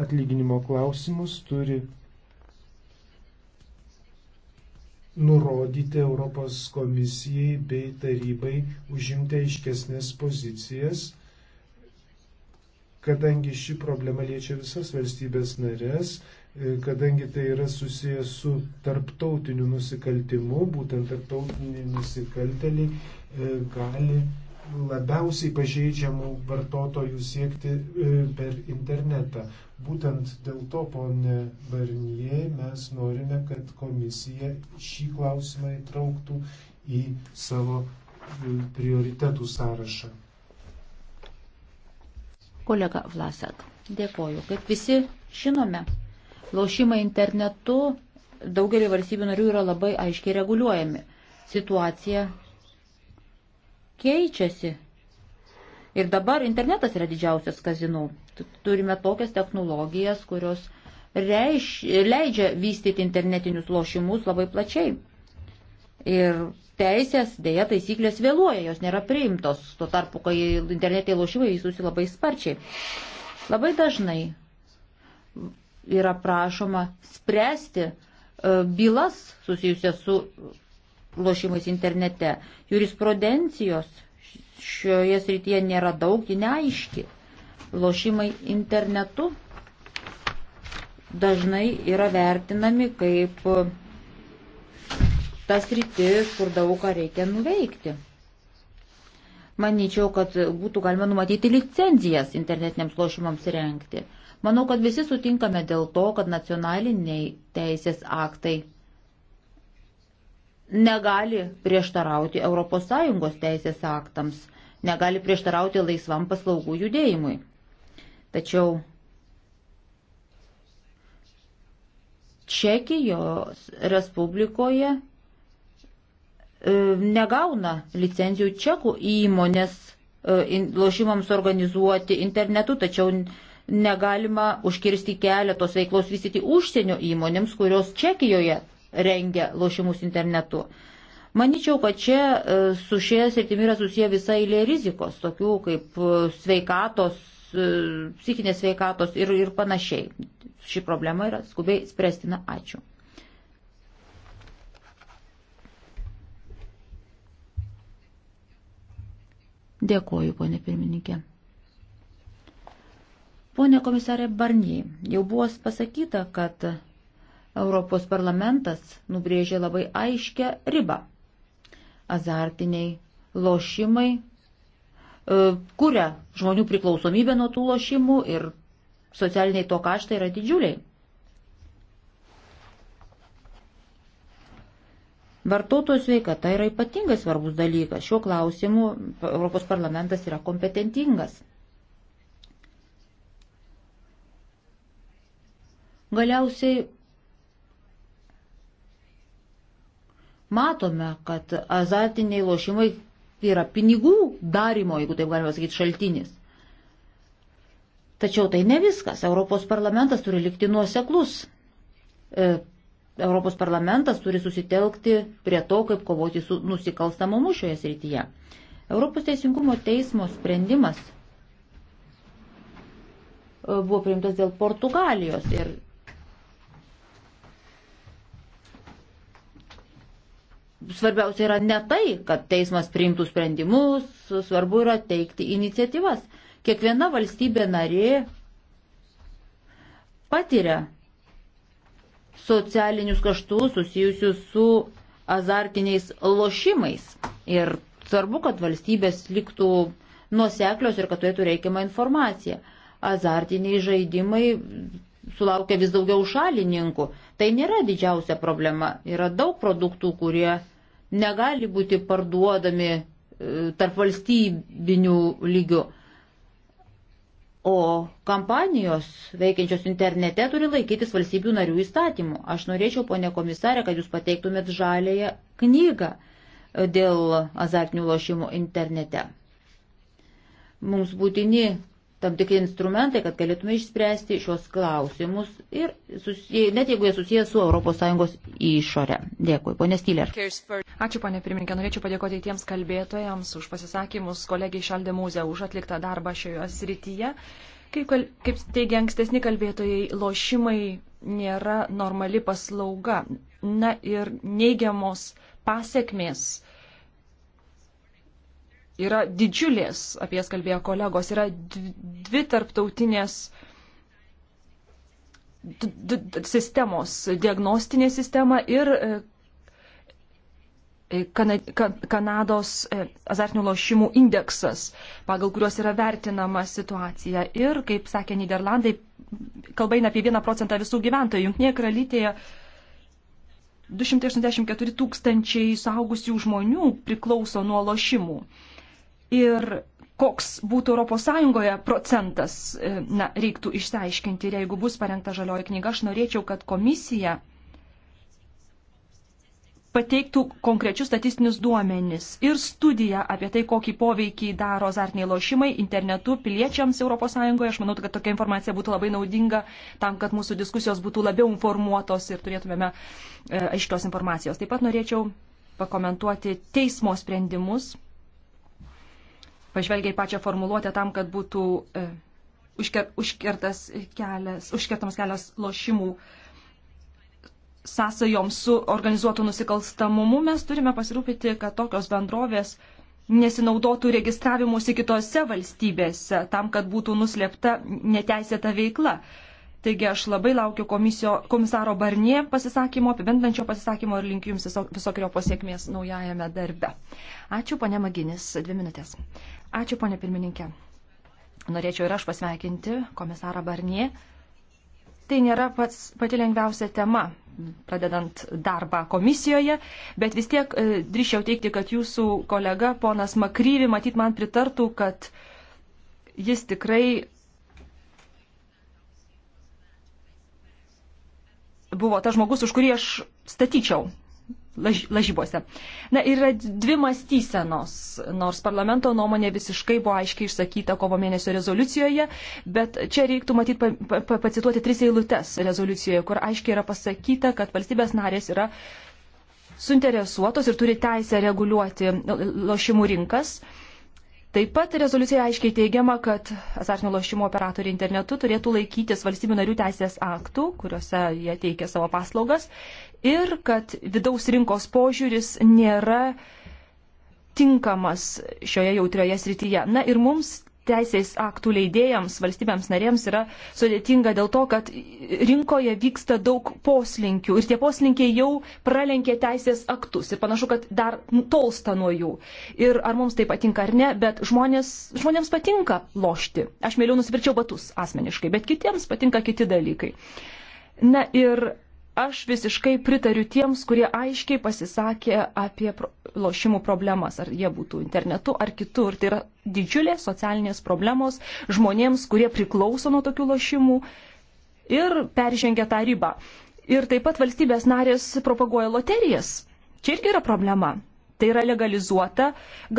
atlyginimo klausimus turi nurodyti Europos komisijai bei tarybai užimti aiškesnės pozicijas, kadangi ši problema liečia visas valstybės narės, E, kadangi tai yra susijęs su tarptautiniu nusikaltimu, būtent tarptautiniai nusikalteliai e, gali labiausiai pažeidžiamų vartotojų siekti e, per internetą. Būtent dėl to, ponė Barnie, mes norime, kad komisija šį klausimą įtrauktų į savo prioritetų sąrašą. Kolega Vlasak, dėkoju. Kaip visi žinome, Lošimai internetu daugelį valstybių narių yra labai aiškiai reguliuojami. Situacija keičiasi. Ir dabar internetas yra didžiausias kazinų. Turime tokias technologijas, kurios reiš, leidžia vystyti internetinius lošimus labai plačiai. Ir teisės, dėja, taisyklės vėluoja, jos nėra priimtos, tuo tarpu, kai internetiniai lošimai vystosi labai sparčiai. Labai dažnai yra prašoma spręsti e, bylas susijusias su lošimais internete. Jurisprudencijos šioje srityje nėra daug, ji neaiški. Lošimai internetu dažnai yra vertinami kaip tas rytis, kur daug ką reikia nuveikti. Manyčiau, kad būtų galima numatyti licenzijas internetiniams lošimams rengti. Manau, kad visi sutinkame dėl to, kad nacionaliniai teisės aktai negali prieštarauti ES teisės aktams, negali prieštarauti laisvam paslaugų judėjimui. Tačiau Čekijos Respublikoje E, negauna licencijų čekų įmonės e, lošimams organizuoti internetu, tačiau negalima užkirsti kelią tos veiklos vystyti užsienio įmonėms, kurios Čekijoje rengia lošimus internetu. Manyčiau, kad čia e, su šia sritimi yra susiję visa eilė rizikos, tokių kaip sveikatos, psichinės sveikatos ir, ir panašiai. Ši problema yra skubiai spręstina. Ačiū. Dėkoju, ponė pirmininkė. Pone komisarė Barniai, jau buvo pasakyta, kad Europos parlamentas nubrėžė labai aiškę ribą. Azartiniai lošimai e, kuria žmonių priklausomybę nuo tų lošimų ir socialiniai to kaštai yra didžiuliai. Vartotojų sveikata yra ypatingai svarbus dalykas. Šiuo klausimu Europos parlamentas yra kompetentingas. Galiausiai matome, kad azartiniai lošimai yra pinigų darimo, jeigu taip galima sakyti, šaltinis. Tačiau tai ne viskas. Europos parlamentas turi likti nuoseklus e, Europos parlamentas turi susitelkti prie to, kaip kovoti su nusikalstamumu šioje srityje. Europos Teisingumo teismo sprendimas e, buvo priimtas dėl Portugalijos ir svarbiausia yra ne tai, kad teismas priimtų sprendimus, svarbu yra teikti iniciatyvas. Kiekviena valstybė narė patiria socialinius kaštus susijusius su azartiniais lošimais. Ir svarbu, kad valstybės liktų nuoseklios ir kad turėtų reikiamą informaciją. Azartiniai žaidimai sulaukia vis daugiau šalininkų. Tai nėra didžiausia problema. Yra daug produktų, kurie negali būti parduodami e, tarp valstybinių lygių. O kampanijos veikiančios internete turi laikytis valstybių narių įstatymų. Aš norėčiau, ponė komisarė, kad jūs pateiktumėt žalėją knygą e, dėl azartinių lošimų internete. Mums būtini tam tikri instrumentai, kad galėtume išspręsti šios klausimus ir susiję, net jeigu jie susiję su ES išorė. Dėkui, ponė Styler. Ačiū, ponė pirmininkė. Norėčiau padėkoti tiems kalbėtojams už pasisakymus, kolegiai Šaldemūzė už atliktą darbą šioje srityje. Kaip, kaip teigia ankstesni kalbėtojai, lošimai nėra normali paslauga. Na ir neigiamos pasiekmės uh, yra didžiulės, apie jas kalbėjo kolegos, yra dvi tarptautinės sistemos - diagnostinė sistema ir e, e, Kana, kan, Kanados e, azartinių lošimų indeksas, pagal kuriuos yra vertinama situacija. Ir, kaip sakė Niderlandai, kalba eina apie 1 procentą visų gyventojų. Junktinėje karalystėje 284 tūkstančiai saugusių žmonių priklauso nuo lošimų ir koks būtų ES procentas, e, na, reiktų išsiaiškinti. Ir jeigu bus parengta žalioji knyga, aš norėčiau, kad komisija pateiktų konkrečius statistinius duomenis ir studiją apie tai, kokį poveikį daro azartiniai lošimai internetu piliečiams ES. Aš manau, kad tokia informacija būtų labai naudinga tam, kad mūsų diskusijos būtų labiau informuotos ir turėtumėme e, aiškios informacijos. Taip pat norėčiau pakomentuoti teismo sprendimus pažvelgia į pačią formuluotę tam, kad būtų e, užkertas kelias, užkertamas kelias lošimų sąsajoms su organizuotu nusikalstamumu, mes turime pasirūpinti, kad tokios bendrovės nesinaudotų registravimuose kitose valstybėse, tam, kad būtų nuslėpta neteisėta veikla. Taigi aš labai laukiu komisijo, komisaro Barnie pasisakymo, apibendrančio pasisakymo ir linkiu Jums visokio pasiekmės naujajame darbe. Ačiū, ponė Maginis, dvi minutės. Ačiū, ponė pirmininkė. Norėčiau ir aš pasveikinti komisarą Barnie. Tai nėra pats, pati lengviausia tema, pradedant darbą komisijoje, bet vis tiek e, drįšiau teikti, kad jūsų kolega, ponas Makryvi, matyt, man pritartų, kad jis tikrai buvo tas žmogus, už kurį aš statyčiau lažybose. Na ir yra dvi mąstysenos, nors parlamento nuomonė visiškai buvo aiškiai išsakyta kovo mėnesio rezoliucijoje, bet čia reiktų matyti, pacituoti tris eilutes rezoliucijoje, kur aiškiai yra pasakyta, kad valstybės narės yra suinteresuotos ir turi teisę reguliuoti lošimų rinkas. Taip pat rezoliucija aiškiai teigiama, kad azartinio lošimo operatoriai internetu turėtų laikytis valstybių narių teisės aktų, kuriuose jie teikia savo paslaugas ir kad vidaus rinkos požiūris nėra tinkamas šioje jautrioje srityje. Na ir mums teisės aktų leidėjams, valstybėms narėms yra sudėtinga dėl to, kad rinkoje vyksta daug poslinkių ir tie poslinkiai jau pralenkė teisės aktus ir panašu, kad dar tolsta nuo jų. Ir ar mums tai patinka ar ne, bet žmonės, žmonėms patinka lošti. Aš mėliau nusipirčiau batus asmeniškai, bet kitiems patinka kiti dalykai. Na ir Aš visiškai pritariu tiems, kurie aiškiai pasisakė apie lošimų problemas, ar jie būtų internetu ar kitur. Tai yra didžiulės socialinės problemos žmonėms, kurie priklauso nuo tokių lošimų ir peržengia tą ribą. Ir taip pat valstybės narės propaguoja loterijas. Čia irgi yra problema. Tai yra legalizuota,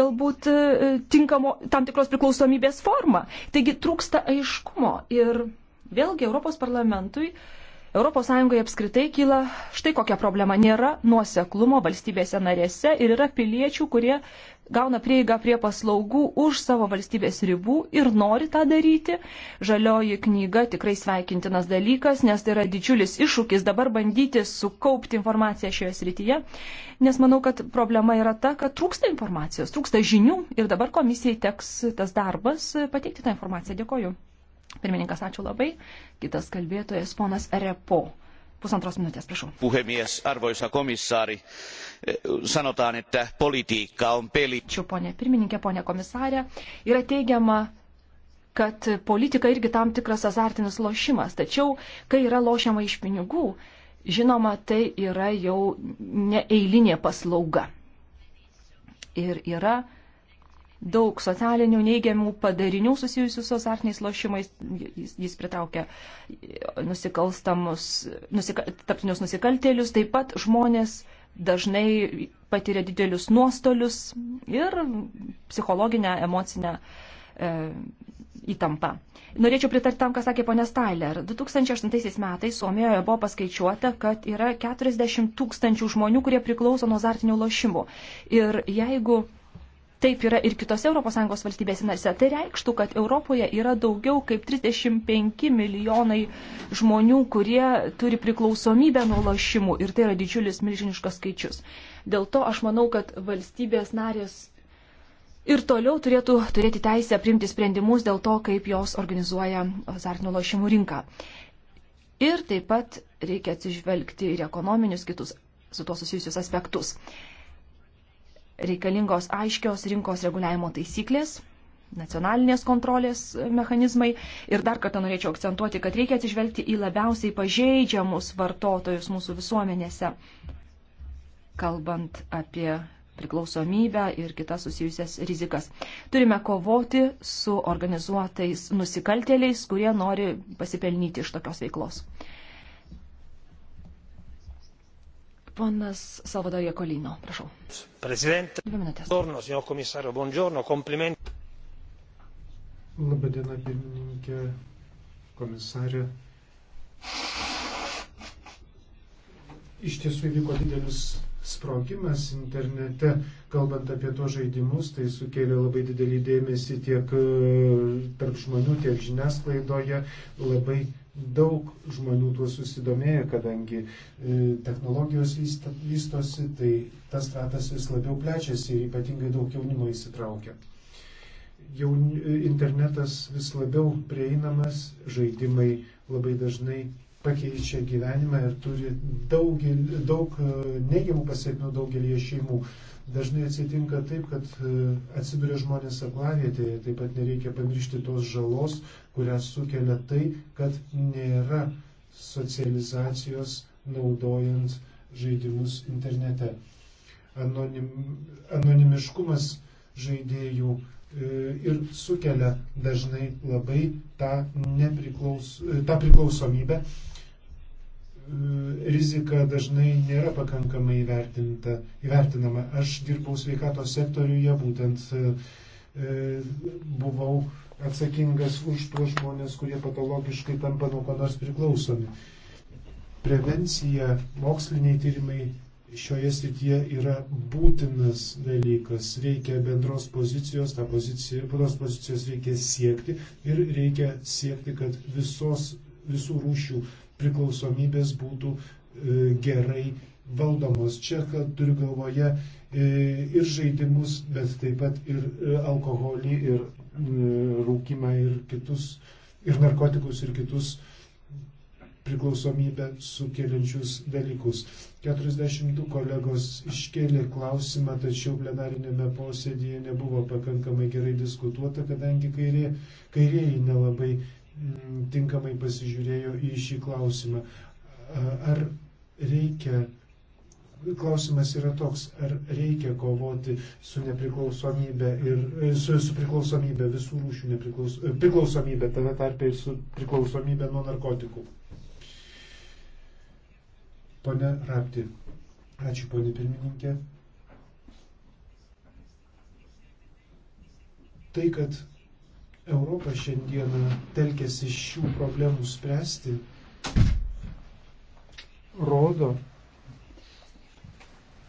galbūt e, tinkamo, tam tikros priklausomybės forma. Taigi trūksta aiškumo. Ir vėlgi Europos parlamentui uh, ES apskritai kyla štai kokia problema. Nėra nuoseklumo valstybėse narėse ir yra piliečių, kurie gauna prieigą prie paslaugų už savo valstybės ribų ir nori tą daryti. Žalioji knyga tikrai sveikintinas dalykas, nes tai yra didžiulis iššūkis dabar bandyti sukaupti informaciją šioje srityje, nes manau, kad problema yra ta, kad trūksta informacijos, trūksta žinių ir dabar komisijai teks tas darbas pateikti tą informaciją. Dėkoju. Pirmininkas, ačiū labai. Kitas kalbėtojas, ponas Repo. Pusantros minutės, prašau. Puhemies, arvoisa komissaari, sanotaan, että politiikka on peli. Ačiū, ponė pirmininkė, ponė komisarė. Yra teigiama, kad politika irgi tam tikras azartinis lošimas. Tačiau, kai yra lošiama iš pinigų, žinoma, tai yra jau neeilinė paslauga. Ir yra daug socialinių neigiamų padarinių susijusių su azartiniais lošimais. Jis, jis pritraukia nusikalstamus, nusika, tarptinius nusikaltėlius, taip pat žmonės dažnai patiria didelius nuostolius ir psichologinę, emocinę e, įtampą. Norėčiau pritarti tam, ką sakė ponė Stailer. 2008 metais Suomijoje buvo paskaičiuota, kad yra 40 tūkstančių žmonių, kurie priklauso nuo azartinių lošimų. Ir jeigu Taip yra ir kitose ES valstybėse narse. Tai reikštų, kad Europoje yra daugiau kaip 35 milijonai žmonių, kurie turi priklausomybę nuo lašimų ir tai yra didžiulis milžiniškas skaičius. Dėl to aš manau, kad valstybės narės ir toliau turėtų turėti teisę priimti sprendimus dėl to, kaip jos organizuoja azartinių lošimų rinką. Ir taip pat reikia atsižvelgti ir ekonominius kitus su tuo susijusius aspektus reikalingos aiškios rinkos reguliavimo taisyklės, nacionalinės kontrolės mechanizmai. Ir dar kartą norėčiau akcentuoti, kad reikia atsižvelgti į labiausiai pažeidžiamus vartotojus mūsų visuomenėse, kalbant apie priklausomybę ir kitas susijusias rizikas. Turime kovoti su organizuotais nusikaltėliais, kurie nori pasipelnyti iš tokios veiklos. Ponas Salvadorė Kolino, prašau. Prezidentė. Dvi minutės. Buongiorno, signor komisario, buongiorno, komplimentai. Labadiena, pirmininkė, komisarė. Iš tiesų įvyko didelis sprogimas internete, kalbant apie to žaidimus, tai sukėlė labai didelį dėmesį tiek e, tarp žmonių, tiek žiniasklaidoje, labai daug žmonių tuo susidomėjo, kadangi e, technologijos vystosi, tai tas ratas vis labiau plečiasi ir ypatingai daug jaunimo įsitraukia. Jau internetas vis labiau prieinamas, žaidimai labai dažnai pakeičia gyvenimą ir turi daugel, daug e, neigiamų pasiekmių daugelie šeimų. Dažnai atsitinka taip, kad e, atsiduria žmonės aklavietėje, taip pat nereikia pamiršti tos žalos, kurią sukelia tai, kad nėra socializacijos naudojant žaidimus internete. Anonim, anonimiškumas žaidėjų E, ir sukelia dažnai labai tą, nepriklaus, e, tą priklausomybę. E, rizika dažnai nėra pakankamai įvertinta, įvertinama. Aš dirbau sveikatos sektoriuje, būtent buvau atsakingas už tuos žmonės, kurie patologiškai tampa nuo ko nors priklausomi. Prevencija, moksliniai tyrimai šioje srityje yra būtinas dalykas. Reikia bendros pozicijos, tą poziciją, bendros pozicijos reikia siekti ir reikia siekti, kad visos, visų rūšių priklausomybės būtų e, gerai valdomos. Čia, kad turiu galvoje e, ir žaidimus, bet taip pat ir e, alkoholį, ir e, rūkimą, ir kitus, ir narkotikus, ir kitus priklausomybę sukeliančius dalykus. 42 kolegos iškėlė klausimą, tačiau plenarinėme posėdėje nebuvo pakankamai gerai diskutuota, kadangi kairė, kairieji nelabai m, mm, tinkamai pasižiūrėjo į šį klausimą. Ar reikia, klausimas yra toks, ar reikia kovoti su nepriklausomybė ir e, su, su priklausomybė visų rūšių nepriklausomybė, tame tarpe ir su priklausomybė nuo narkotikų. Pone Rapti. Ačiū, ponė pirmininkė. Tai, kad Europa šiandieną telkėsi šių problemų spręsti, rodo,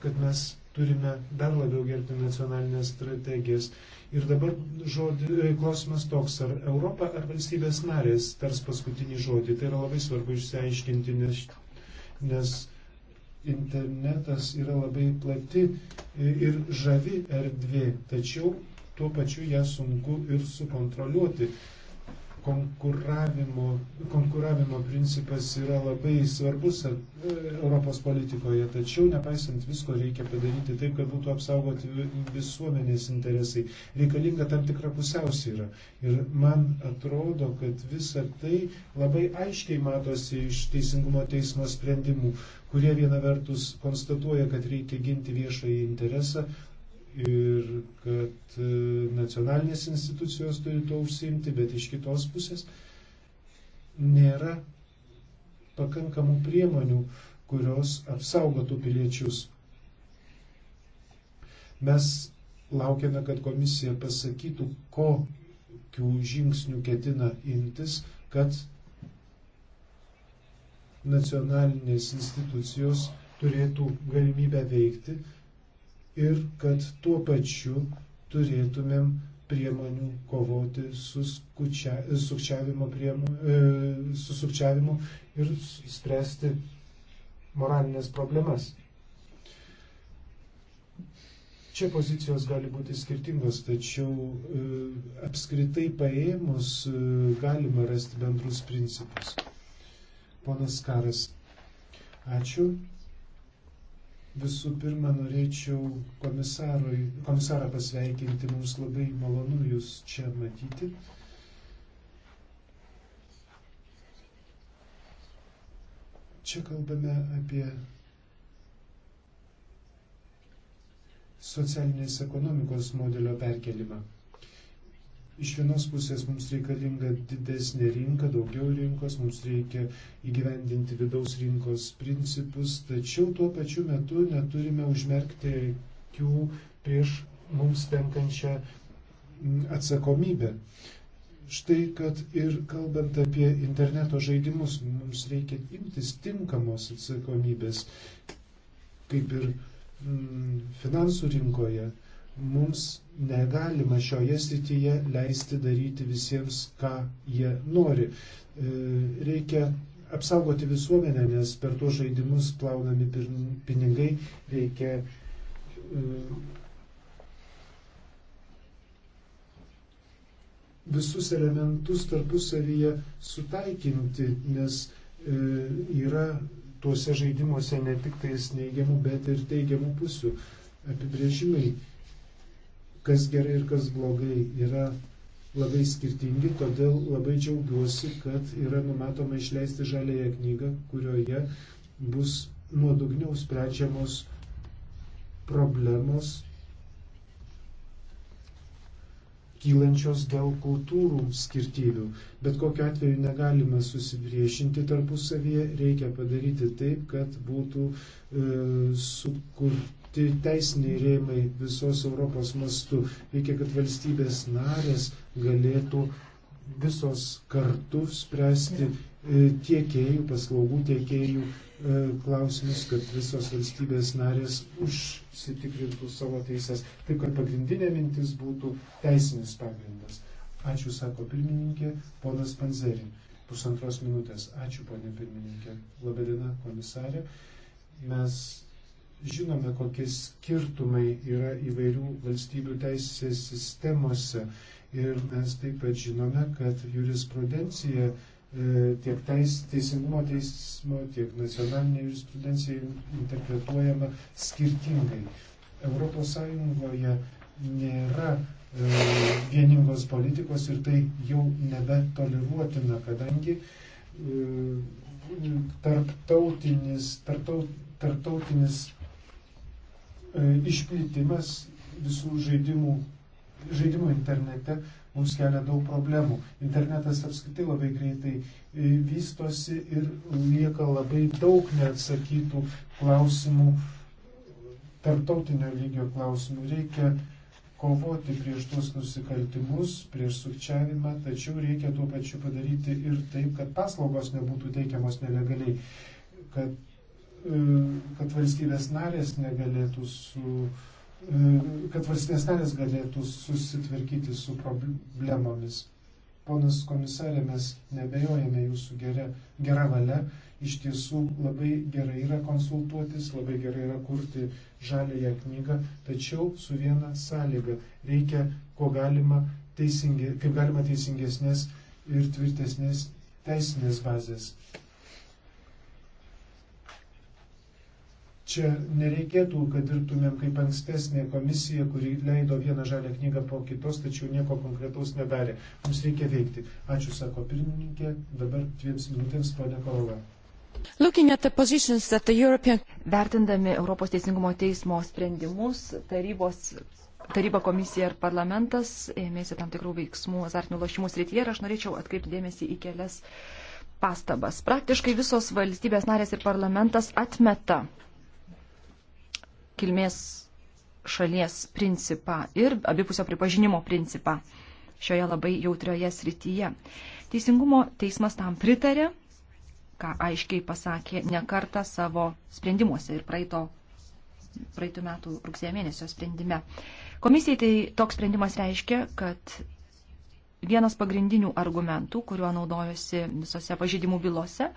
kad mes turime dar labiau gerbti nacionalinės strategijas. Ir dabar žodį, e, klausimas toks, ar Europa ar valstybės narės tars paskutinį žodį. Tai yra labai svarbu išsiaiškinti, nes nes internetas yra labai plati ir žavi erdvė, tačiau tuo pačiu ją sunku ir sukontroliuoti konkuravimo, konkuravimo principas yra labai svarbus e, Europos politikoje, tačiau nepaisant visko reikia padaryti taip, kad būtų apsaugoti visuomenės interesai. Reikalinga tam tikra pusiausvyrą. Ir man atrodo, kad visa tai labai aiškiai matosi iš Teisingumo teismo sprendimų, kurie viena vertus konstatuoja, kad reikia ginti viešąjį interesą, ir kad e, nacionalinės institucijos turi to užsiimti, bet iš kitos pusės nėra pakankamų priemonių, kurios apsaugotų piliečius. Mes laukiame, kad komisija pasakytų, kokių žingsnių ketina imtis, kad nacionalinės institucijos turėtų galimybę veikti ir kad tuo pačiu turėtumėm priemonių kovoti su, skučia, sukčiavimo, priemo, e, su sukčiavimu ir spręsti moralinės problemas. Čia pozicijos gali būti skirtingos, tačiau e, apskritai paėmus e, galima rasti bendrus principus. Ponas Karas, ačiū. Visų pirma, norėčiau komisarą pasveikinti, mums labai malonu Jūs čia matyti. Čia kalbame apie socialinės ekonomikos modelio perkelimą. Iš vienos pusės mums reikalinga didesnė rinka, daugiau rinkos, mums reikia įgyvendinti vidaus rinkos principus, tačiau tuo pačiu metu neturime užmerkti akių prieš mums tenkančią atsakomybę. Štai, kad ir kalbant apie interneto žaidimus, mums reikia imtis tinkamos atsakomybės, kaip ir mm, finansų rinkoje Mums negalima šioje srityje leisti daryti visiems, ką jie nori. E, reikia apsaugoti visuomenę, nes per tuos žaidimus plaunami pinigai, reikia e, visus elementus tarpusavyje sutaikinti, nes e, yra tuose žaidimuose ne tik tais neigiamų, bet ir teigiamų pusių. Apibrėžimai kas gerai ir kas blogai, yra labai skirtingi, todėl labai džiaugiuosi, kad yra numatoma išleisti žalėją knygą, kurioje bus nuodugniau sprendžiamos problemos kylančios dėl kultūrų skirtybių. Bet kokiu atveju negalime susipriešinti tarpusavyje, reikia padaryti taip, kad būtų e, sukurti sukurti teisiniai rėmai visos Europos mastu. Reikia, kad valstybės narės galėtų visos kartu spręsti e, tiekėjų, paslaugų tiekėjų e, klausimus, kad visos valstybės narės užsitikrintų savo teises. Taip, kad pagrindinė mintis būtų teisinis pagrindas. Ačiū, sako pirmininkė, ponas Panzerį. Pusantros minutės. Ačiū, ponė pirmininkė. Labadiena, komisarė. Mes žinome, kokie skirtumai yra įvairių valstybių teisės sistemose. Ir mes taip pat žinome, kad jurisprudencija e, tiek teis, teisingumo teismo, tiek nacionalinė jurisprudencija interpretuojama skirtingai. ES nėra e, vieningos politikos ir tai jau nebetoleruotina, kadangi e, tarptautinis, tarptaut, tarptautinis E, išplitimas visų žaidimų, žaidimų internete mums kelia daug problemų. Internetas apskritai labai greitai e, vystosi ir lieka labai daug neatsakytų klausimų, tarptautinio lygio klausimų. Reikia kovoti prieš tuos nusikaltimus, prieš sukčiavimą, tačiau reikia tuo pačiu padaryti ir taip, kad paslaugos nebūtų teikiamos nelegaliai, kad E, kad valstybės narės negalėtų su e, kad valstybės narės galėtų susitvarkyti su problemomis. Ponas komisarė, mes nebejojame jūsų geria, gera valia. Iš tiesų labai gerai yra konsultuotis, labai gerai yra kurti žalėją knygą, tačiau su viena sąlyga. Reikia, ko galima, teisingi, kaip galima teisingesnės ir tvirtesnės teisinės bazės. Čia nereikėtų, kad dirbtumėm kaip ankstesnė komisija, kuri leido vieną žalę knygą po kitos, tačiau nieko konkretaus nedarė. Mums reikia veikti. Ačiū, sako pirmininkė. Dabar dviems minutėms, ponė Kolova. European... Vertindami Europos Teisingumo teismo sprendimus, tarybos taryba, komisija ir parlamentas ėmėsi tam tikrų veiksmų azartinių lošimų srityje ir aš norėčiau atkreipti dėmesį į kelias pastabas. Praktiškai visos valstybės narės ir parlamentas atmeta kilmės šalies principą ir abipusio pripažinimo principą šioje labai jautrioje srityje. Teisingumo teismas tam pritarė, ką aiškiai pasakė nekarta savo sprendimuose ir praeito, praeitų metų rugsėjo mėnesio sprendime. Komisijai tai toks sprendimas reiškia, kad vienas pagrindinių argumentų, kuriuo naudojosi visose pažydimų bylose,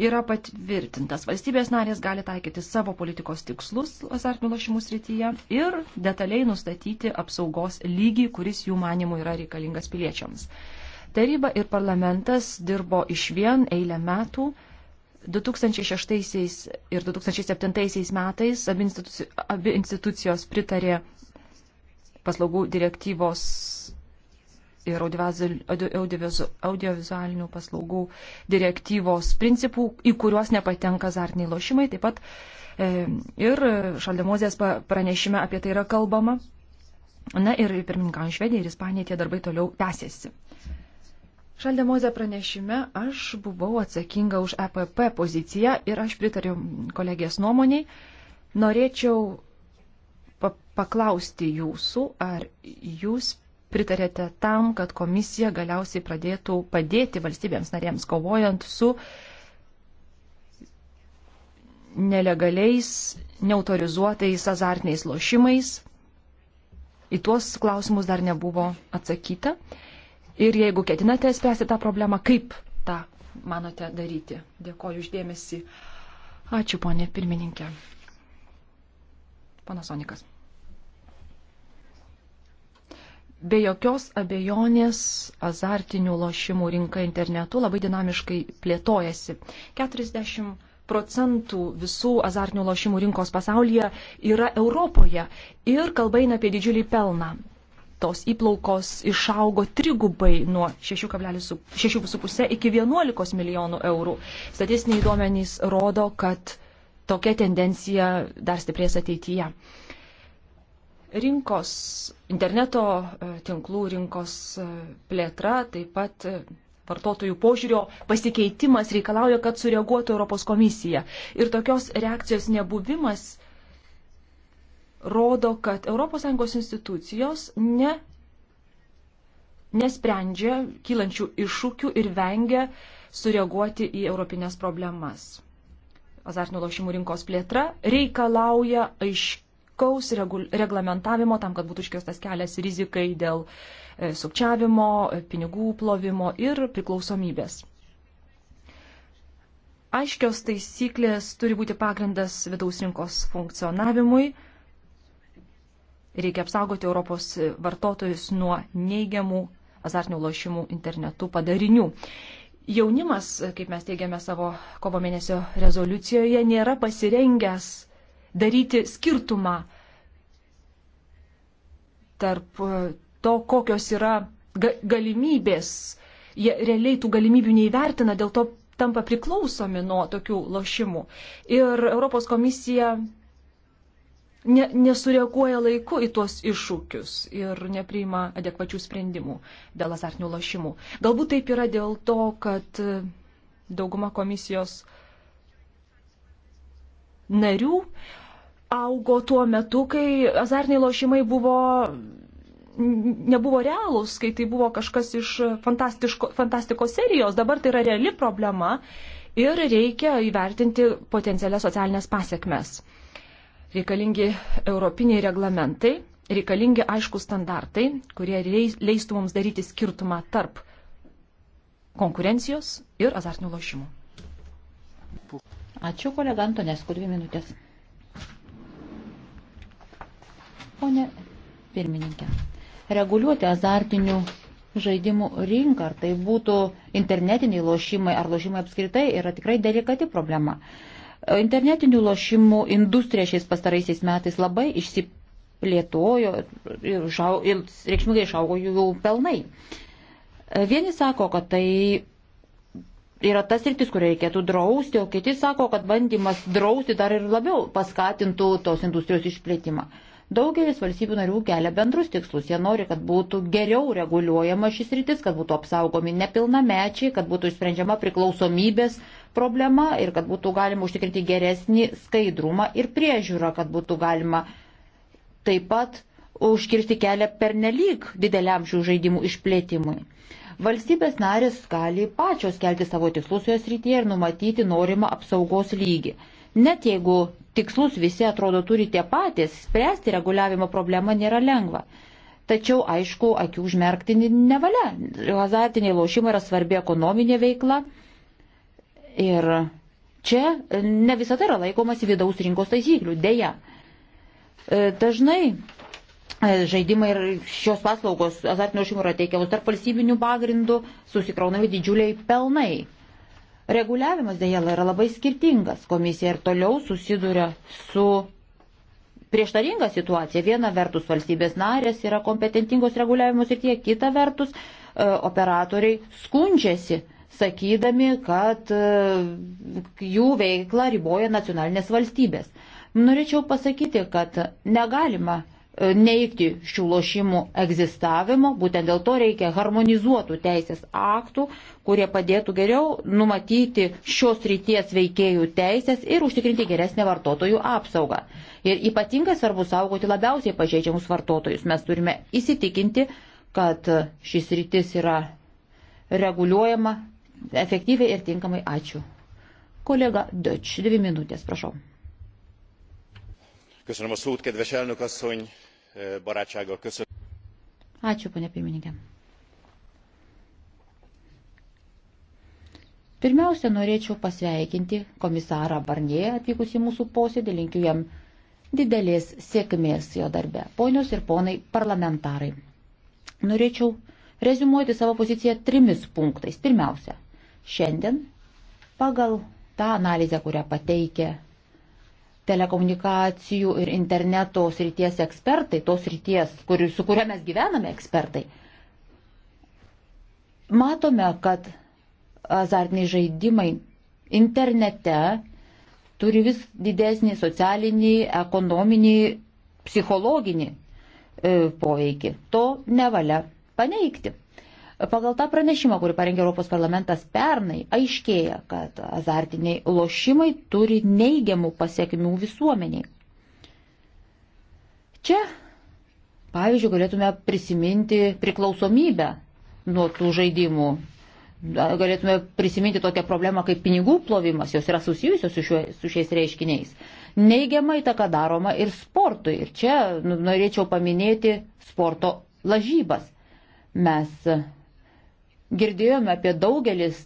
yra patvirtintas. Valstybės narės gali taikyti savo politikos tikslus azartinių lošimų srityje ir detaliai nustatyti apsaugos lygį, kuris jų manimų yra reikalingas piliečiams. Taryba ir parlamentas dirbo iš vien eilę metų. 2006 ir 2007 metais abi, instituci abi institucijos pritarė paslaugų direktyvos ir audiovizualinių paslaugų direktyvos principų, į kuriuos nepatenka azartiniai lošimai. Taip pat e, ir šaldemozės pranešime apie tai yra kalbama. Na ir pirmininkant Švedija ir Ispanija tie darbai toliau tęsiasi. Šaldemozė pranešime aš buvau atsakinga už EPP poziciją ir aš pritariu kolegės nuomoniai. Norėčiau paklausti jūsų, ar jūs pritarėte tam, kad komisija galiausiai pradėtų padėti valstybėms narėms kovojant su nelegaliais, neautorizuotais azartiniais lošimais. Į tuos klausimus dar nebuvo atsakyta. Ir jeigu ketinate spręsti tą problemą, kaip tą manote daryti? Dėkoju uždėmesi. Ačiū, ponė pirmininkė. Panas Onikas. Be jokios abejonės azartinių lošimų rinka internetu labai dinamiškai plėtojasi. 40 procentų visų azartinių lošimų rinkos pasaulyje yra Europoje ir kalba eina apie didžiulį pelną. Tos įplaukos išaugo trigubai nuo 6,5 iki 11 milijonų eurų. Statistiniai duomenys rodo, kad tokia tendencija dar stiprės ateityje. Rinkos, interneto e, tinklų rinkos e, plėtra, taip pat e, vartotojų požiūrio pasikeitimas reikalauja, kad sureaguotų Europos komisija. Ir tokios reakcijos nebuvimas rodo, kad ES institucijos ne, nesprendžia kylančių iššūkių ir vengia sureaguoti į europinės problemas. Azartinių lošimų rinkos plėtra reikalauja aiškiai aiškaus reglamentavimo tam, kad būtų iškirstas kelias rizikai dėl e, sukčiavimo, e, pinigų plovimo ir priklausomybės. Aiškios taisyklės turi būti pagrindas vidaus rinkos funkcionavimui. Reikia apsaugoti Europos vartotojus nuo neigiamų azartinių lošimų internetu padarinių. Jaunimas, kaip mes teigiame savo kovo mėnesio rezoliucijoje, nėra pasirengęs daryti skirtumą tarp e, to, kokios yra galimybės. Jie realiai tų galimybių neįvertina, dėl to tampa priklausomi nuo tokių lošimų. Ir Europos komisija ne, nesureaguoja laiku į tuos iššūkius ir nepriima adekvačių sprendimų dėl azartinių lošimų. Galbūt taip yra dėl to, kad e, dauguma komisijos narių augo tuo metu, kai azartiniai lošimai buvo nebuvo realūs, kai tai buvo kažkas iš fantastikos serijos, dabar tai yra reali problema ir reikia įvertinti potencialias socialinės pasiekmes. Reikalingi europiniai reglamentai, reikalingi aiškus standartai, kurie leistų mums daryti skirtumą tarp konkurencijos ir azartinių lošimų. Ačiū kolega Antonės, kur dvi minutės. Pone pirmininkė, reguliuoti azartinių žaidimų rinką, ar tai būtų internetiniai lošimai ar lošimai apskritai, yra tikrai delikati problema. Internetinių lošimų industrija šiais pastaraisiais metais labai išsiplėtojo ir, žau, ir reikšmingai išaugo jų pelnai. Vieni sako, kad tai yra tas rytis, kur reikėtų drausti, o kiti sako, kad bandymas drausti dar ir labiau paskatintų tos industrijos išplėtimą. Uh, Daugelis valstybių narių kelia bendrus tikslus. Jie nori, kad būtų geriau reguliuojama šis rytis, kad būtų apsaugomi nepilnamečiai, kad būtų išsprendžiama priklausomybės problema ir kad būtų galima užtikrinti geresnį skaidrumą ir priežiūrą, kad būtų galima taip pat užkirsti kelią pernelyg dideliam šių žaidimų išplėtimui. Valstybės narės gali pačios kelti savo tikslus jos rytyje ir numatyti norimą apsaugos lygį. Net jeigu tikslus visi atrodo turi tie patys, spręsti reguliavimo problemą nėra lengva. Tačiau, aišku, akių užmerkti nevalia. Hazartiniai lošimai yra svarbi ekonominė veikla. Ir čia ne visada yra laikomas vidaus rinkos taisyklių, dėja. E, dažnai e, žaidimai ir šios paslaugos azartinių lošimų yra teikiamos tarp valstybinių pagrindų, susikraunami didžiuliai pelnai. Reguliavimas dėja yra labai skirtingas. Komisija ir toliau susiduria su prieštaringa situacija. Viena vertus valstybės narės yra kompetentingos reguliavimo srityje, kita vertus e, operatoriai skundžiasi, sakydami, kad e, jų veiklą riboja nacionalinės valstybės. Norėčiau pasakyti, kad negalima neikti šių lošimų egzistavimo, būtent dėl to reikia harmonizuotų teisės aktų, kurie padėtų geriau numatyti šios ryties veikėjų teisės ir užtikrinti geresnę vartotojų apsaugą. Ir ypatingai svarbu saugoti labiausiai pažeidžiamus vartotojus. Mes turime įsitikinti, kad šis rytis yra reguliuojama efektyviai ir tinkamai. Ačiū. Kolega Döč, dvi minutės, prašau. Köszönöm a szót, kedves elnök asszony, barátsággal köszönöm. Ačiū, ponia pirmininkė. Pirmiausia, norėčiau pasveikinti komisarą Barnie atvykus į mūsų posėdį, linkiu jam didelės sėkmės jo darbe. Ponios ir ponai parlamentarai. Norėčiau rezumuoti savo poziciją trimis punktais. Pirmiausia, šiandien pagal tą analizę, kurią pateikė telekomunikacijų ir interneto srities ekspertai, tos srities, kur, su kuria mes gyvename ekspertai, matome, kad azartiniai žaidimai internete turi vis didesnį socialinį, ekonominį, psichologinį e, poveikį. To nevalia paneigti. Pagal tą pranešimą, kurį parengė Europos parlamentas pernai, aiškėja, kad azartiniai lošimai turi neigiamų pasiekmių visuomeniai. Čia, pavyzdžiui, galėtume prisiminti priklausomybę nuo tų žaidimų. Galėtume prisiminti tokią problemą kaip pinigų plovimas, jos yra susijusios su, šiuo, su šiais reiškiniais. Neigiamą įtaką daroma ir sportui. Ir čia nu, norėčiau paminėti sporto lažybas. Mes Girdėjome apie daugelis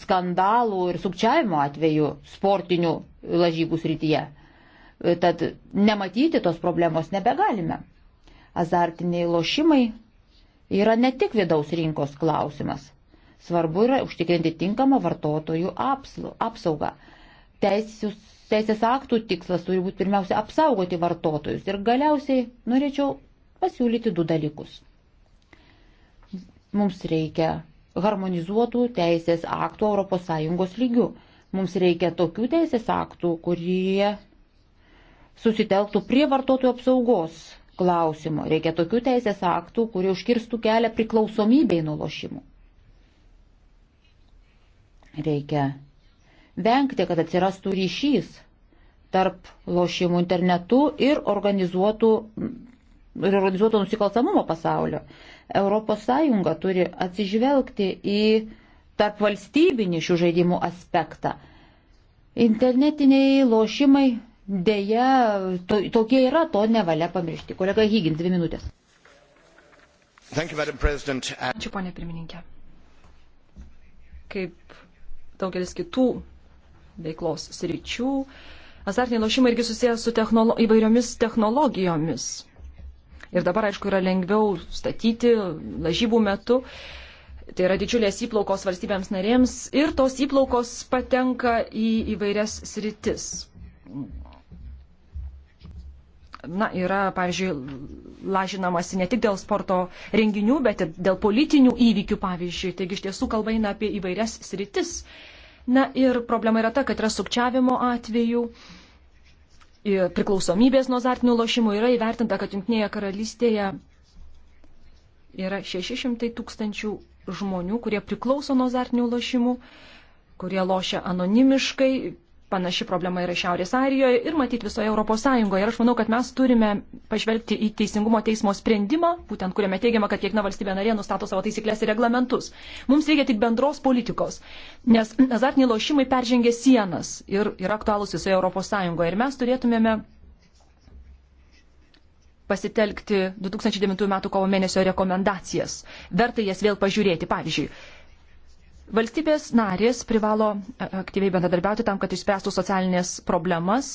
skandalų ir sukčiavimo atvejų sportinių lažybų srityje. Tad nematyti tos problemos nebegalime. Azartiniai lošimai yra ne tik vidaus rinkos klausimas. Svarbu yra užtikrinti tinkamą vartotojų apsaugą. Teisės, teisės aktų tikslas turi būti pirmiausia apsaugoti vartotojus. Ir galiausiai norėčiau pasiūlyti du dalykus. Mums reikia harmonizuotų teisės aktų ES lygių. Mums reikia tokių teisės aktų, kurie susitelktų prie vartotojų apsaugos klausimo. Reikia tokių teisės aktų, kurie užkirstų kelią priklausomybei nuo lošimų. Reikia vengti, kad atsirastų ryšys tarp lošimų internetu ir organizuotų, ir organizuoto nusikaltamumo pasaulio. ES turi atsižvelgti į tarp valstybinį šių žaidimų aspektą. Internetiniai lošimai dėja to, tokie yra, to nevalia pamiršti. Kolega Higgins, dvi minutės. You, Ačiū, ponė pirmininkė. Kaip daugelis kitų veiklos sričių, azartiniai lošimai irgi susijęs su technolo įvairiomis technologijomis Ir dabar, aišku, yra lengviau statyti lažybų metu. Tai yra didžiulės įplaukos valstybėms narėms ir tos įplaukos patenka į įvairias sritis. Na, yra, pavyzdžiui, lažinamasi ne tik dėl sporto renginių, bet ir dėl politinių įvykių, pavyzdžiui. Taigi iš tiesų kalba eina apie įvairias sritis. Na ir problema yra ta, kad yra sukčiavimo atvejų. Uh, priklausomybės nuo azartinių lošimų yra įvertinta, kad Junktinėje karalystėje yra 600 tūkstančių žmonių, kurie priklauso nuo azartinių lošimų, kurie lošia anonimiškai, Panaši problema yra Šiaurės Airijoje ir matyt visoje Europos Sąjungoje. Ir aš manau, kad mes turime pažvelgti į Teisingumo teismo sprendimą, būtent kuriame teigiama, kad kiekviena valstybė narė nustato savo taisyklės ir reglamentus. Mums reikia tik bendros politikos, nes azartiniai lošimai peržengė sienas ir yra aktualūs visoje Europos Sąjungoje. Ir mes turėtumėme pasitelkti 2009 m. kovo mėnesio rekomendacijas. Verta jas vėl pažiūrėti. Pavyzdžiui, Valstybės narės privalo e, aktyviai bendradarbiauti tam, kad išspręstų socialinės problemas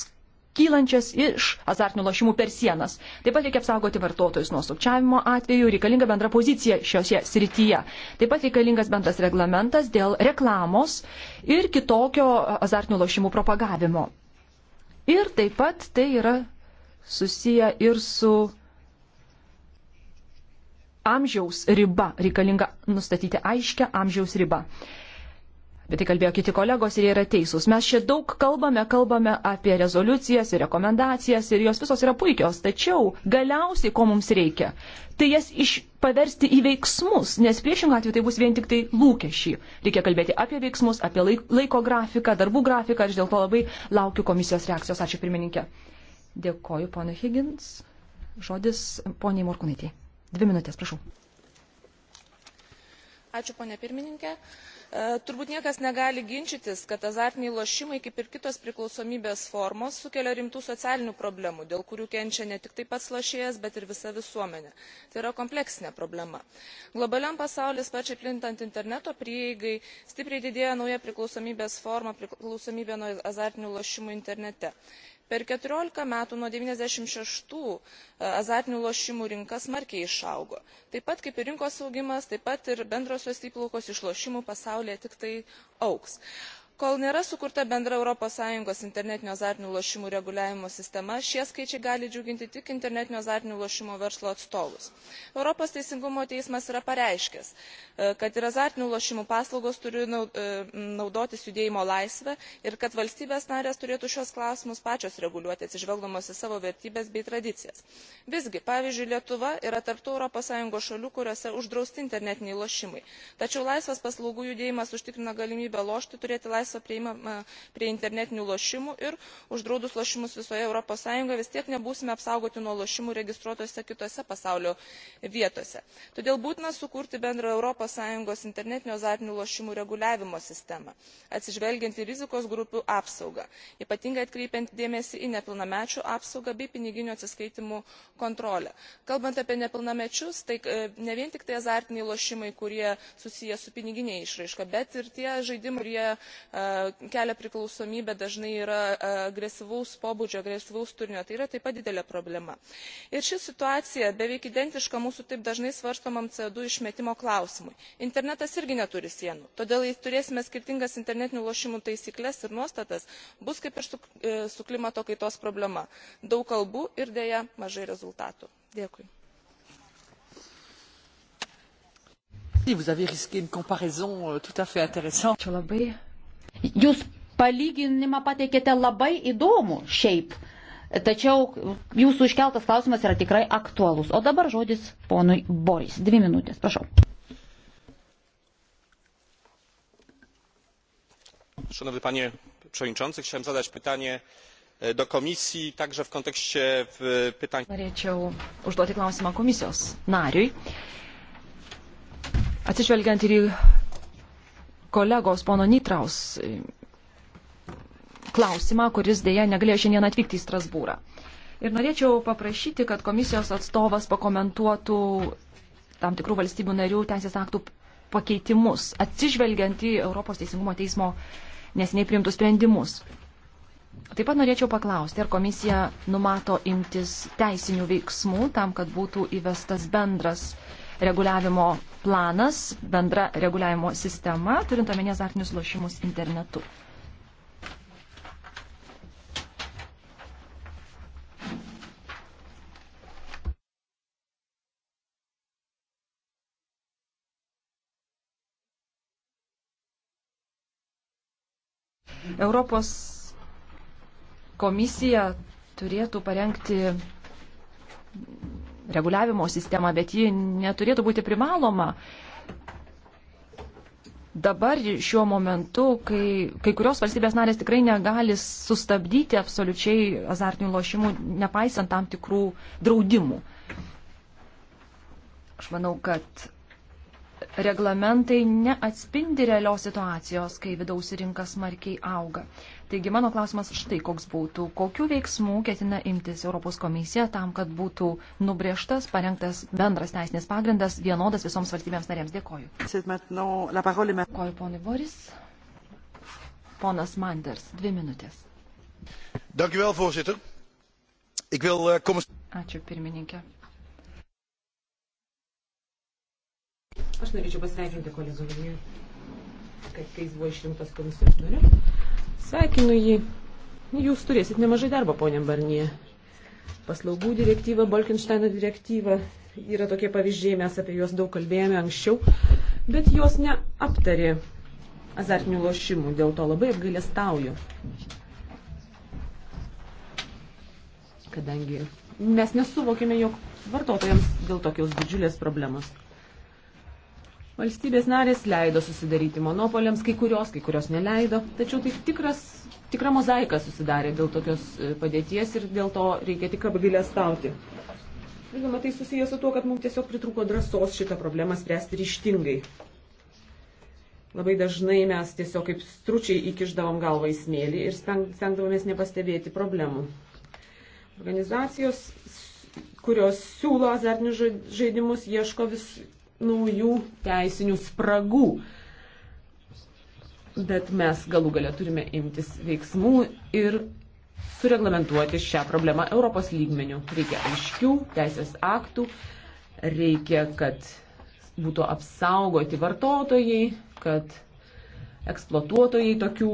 kylančias iš azartinių lošimų per sienas. Taip pat reikia apsaugoti vartotojus nuo sukčiavimo atveju, reikalinga bendra pozicija šiose srityje. Taip pat reikalingas bendras reglamentas dėl reklamos ir kitokio azartinių lošimų propagavimo. Ir taip pat tai yra susiję ir su amžiaus riba, reikalinga nustatyti aiškę amžiaus ribą. Bet tai kalbėjo kiti kolegos ir jie yra teisūs. Mes čia daug kalbame, kalbame apie rezoliucijas ir rekomendacijas ir jos visos yra puikios, tačiau galiausiai ko mums reikia, tai jas iš paversti į veiksmus, nes priešingą atveju tai bus vien tik tai lūkesčiai. Reikia kalbėti apie veiksmus, apie laiko grafiką, darbų grafiką ir dėl to labai laukiu komisijos reakcijos. Ačiū pirmininkė. Dėkoju, ponė Higgins. Žodis poniai Morkūnaitė. Dvi minutės, prašau. Ačiū, ponė pirmininkė. E, turbūt niekas negali ginčytis, kad azartiniai lošimai, kaip ir kitos priklausomybės formos, sukelia rimtų socialinių problemų, dėl kurių kenčia ne tik tai pats lošėjas, bet ir visa visuomenė. Tai yra kompleksinė problema. Globaliam pasaulis, sparčiai plintant interneto prieigai, stipriai didėja nauja priklausomybės forma, priklausomybė nuo azartinių lošimų internete per keturiolika metų nuo one thousand nine hundred and ninety šeši e, azartinių lošimų rinka smarkiai išaugo taip pat kaip ir rinkos augimas taip pat ir bendrosios įplaukos iš lošimų pasaulyje tiktai augs kol nėra sukurta bendra europos sąjungos internetinių azartinių lošimų reguliavimo sistema šie skaičiai gali džiuginti tik internetinio azartinių lošimų verslo atstovus. europos teisingumo teismas yra pareiškęs e, kad ir azartinių lošimų paslaugos turi e, naudotis judėjimo laisve ir kad valstybės narės turėtų šiuos klausimus pačios reguliuoti atsižvelgdamos į savo vertybes bei tradicijas. visgi pavyzdžiui lietuva yra tarp tų europos sąjungos šalių kuriose uždrausti internetiniai lošimai tačiau laisvas paslaugų judėjimas užtikrina galimybę lošti turėti laisvą esą prieimama e, prie internetinių lošimų ir uždraudus lošimus visoje europos sąjungoje vis tiek nebūsime apsaugoti nuo lošimų registruotose kitose pasaulio vietose. todėl būtina sukurti bendrą europos sąjungos internetinių azartinių lošimų reguliavimo sistemą atsižvelgiant į rizikos grupių apsaugą ypatingai atkreipiant dėmesį į nepilnamečių apsaugą bei piniginių atsiskaitymų kontrolę. kalbant apie nepilnamečius tai e, ne vien tik tai azartiniai lošimai kurie susiję su pinigine išraiška bet ir tie žaidimai kurie e, E, kelia priklausomybę dažnai yra e, agresyvaus pobūdžio agresyvaus turinio tai yra taip pat didelė problema. ir ši situacija beveik identiška mūsų taip dažnai svarstomam co du išmetimo klausimui. internetas irgi neturi sienų todėl jei turėsime skirtingas internetinių lošimų taisykles ir nuostatas bus kaip ir su, e, su klimato kaitos problema daug kalbų ir deja mažai rezultatų. dėkui. Vous avez risqué une comparaison euh, tout à fait intéressante. Jūs palyginimą pateikėte labai įdomų šiaip. Tačiau jūsų iškeltas klausimas yra tikrai aktualus. O dabar žodis ponui Boris. Dvi minutės, prašau. Szanowny panie przewodniczący, chciałem zadać pytanie e, do komisji, także w kontekście pytań. Norėčiau užduoti klausimą komisijos nariui. Atsižvelgiant ir į kolegos pono Nitraus e, klausimą, kuris dėja negalėjo šiandien atvykti į Strasbūrą. Ir norėčiau paprašyti, kad komisijos atstovas pakomentuotų tam tikrų valstybių narių teisės aktų pakeitimus, atsižvelgiant į Europos Teisingumo teismo nesiniai priimtus sprendimus. Taip pat norėčiau paklausti, ar komisija numato imtis teisinių veiksmų tam, kad būtų įvestas bendras uh, reguliavimo planas, bendra reguliavimo sistema, turint omenyje azartinius lošimus internetu. Europos komisija turėtų parengti reguliavimo sistemą, bet ji neturėtų būti privaloma. Dabar šiuo momentu, kai kai kurios valstybės narės tikrai negali sustabdyti absoliučiai azartinių lošimų, nepaisant tam tikrų draudimų. Aš manau, kad reglamentai neatspindi realios situacijos, kai vidaus rinka smarkiai auga. Taigi mano klausimas štai koks būtų. Kokių veiksmų ketina imtis Europos komisija tam, kad būtų nubrėžtas, parengtas bendras teisinis pagrindas vienodas visoms valstybėms narėms? Dėkoju. Dėkoju, ponai Boris. Ponas Manders, dvi minutės. Dankjewel, voorzitter. Ik wil, uh, Ačiū, pirmininkė. Aš norėčiau pasveikinti kolegą Vilnių, kad kai jis buvo išrinktas komisijos nariu. Sveikinu jį. Jūs turėsit nemažai darbo, ponė Barnie. Paslaugų direktyva, Bolkensteino direktyva yra tokie pavyzdžiai, mes apie juos daug kalbėjome anksčiau, bet jos neaptarė azartinių lošimų, dėl to labai apgailestauju. Kadangi mes nesuvokėme, jog vartotojams dėl tokios didžiulės problemos. Valstybės narės leido susidaryti monopoliams, kai kurios, kai kurios neleido, tačiau tai tikras, tikra mozaika susidarė dėl tokios e, padėties ir dėl to reikia tik apgailę stauti. Žinoma, tai susijęs su tuo, kad mums tiesiog pritruko drąsos šitą problemą spręsti ryštingai. Labai dažnai mes tiesiog kaip stručiai įkiždavom galvą į smėlį ir stengdavomės nepastebėti problemų. Organizacijos, kurios siūlo azartinius žaidimus, ieško vis naujų teisinių spragų. Bet mes galų galę turime imtis veiksmų ir sureglamentuoti šią problemą Europos lygmenių. Reikia aiškių teisės aktų, reikia, kad būtų apsaugoti vartotojai, kad eksploatuotojai tokių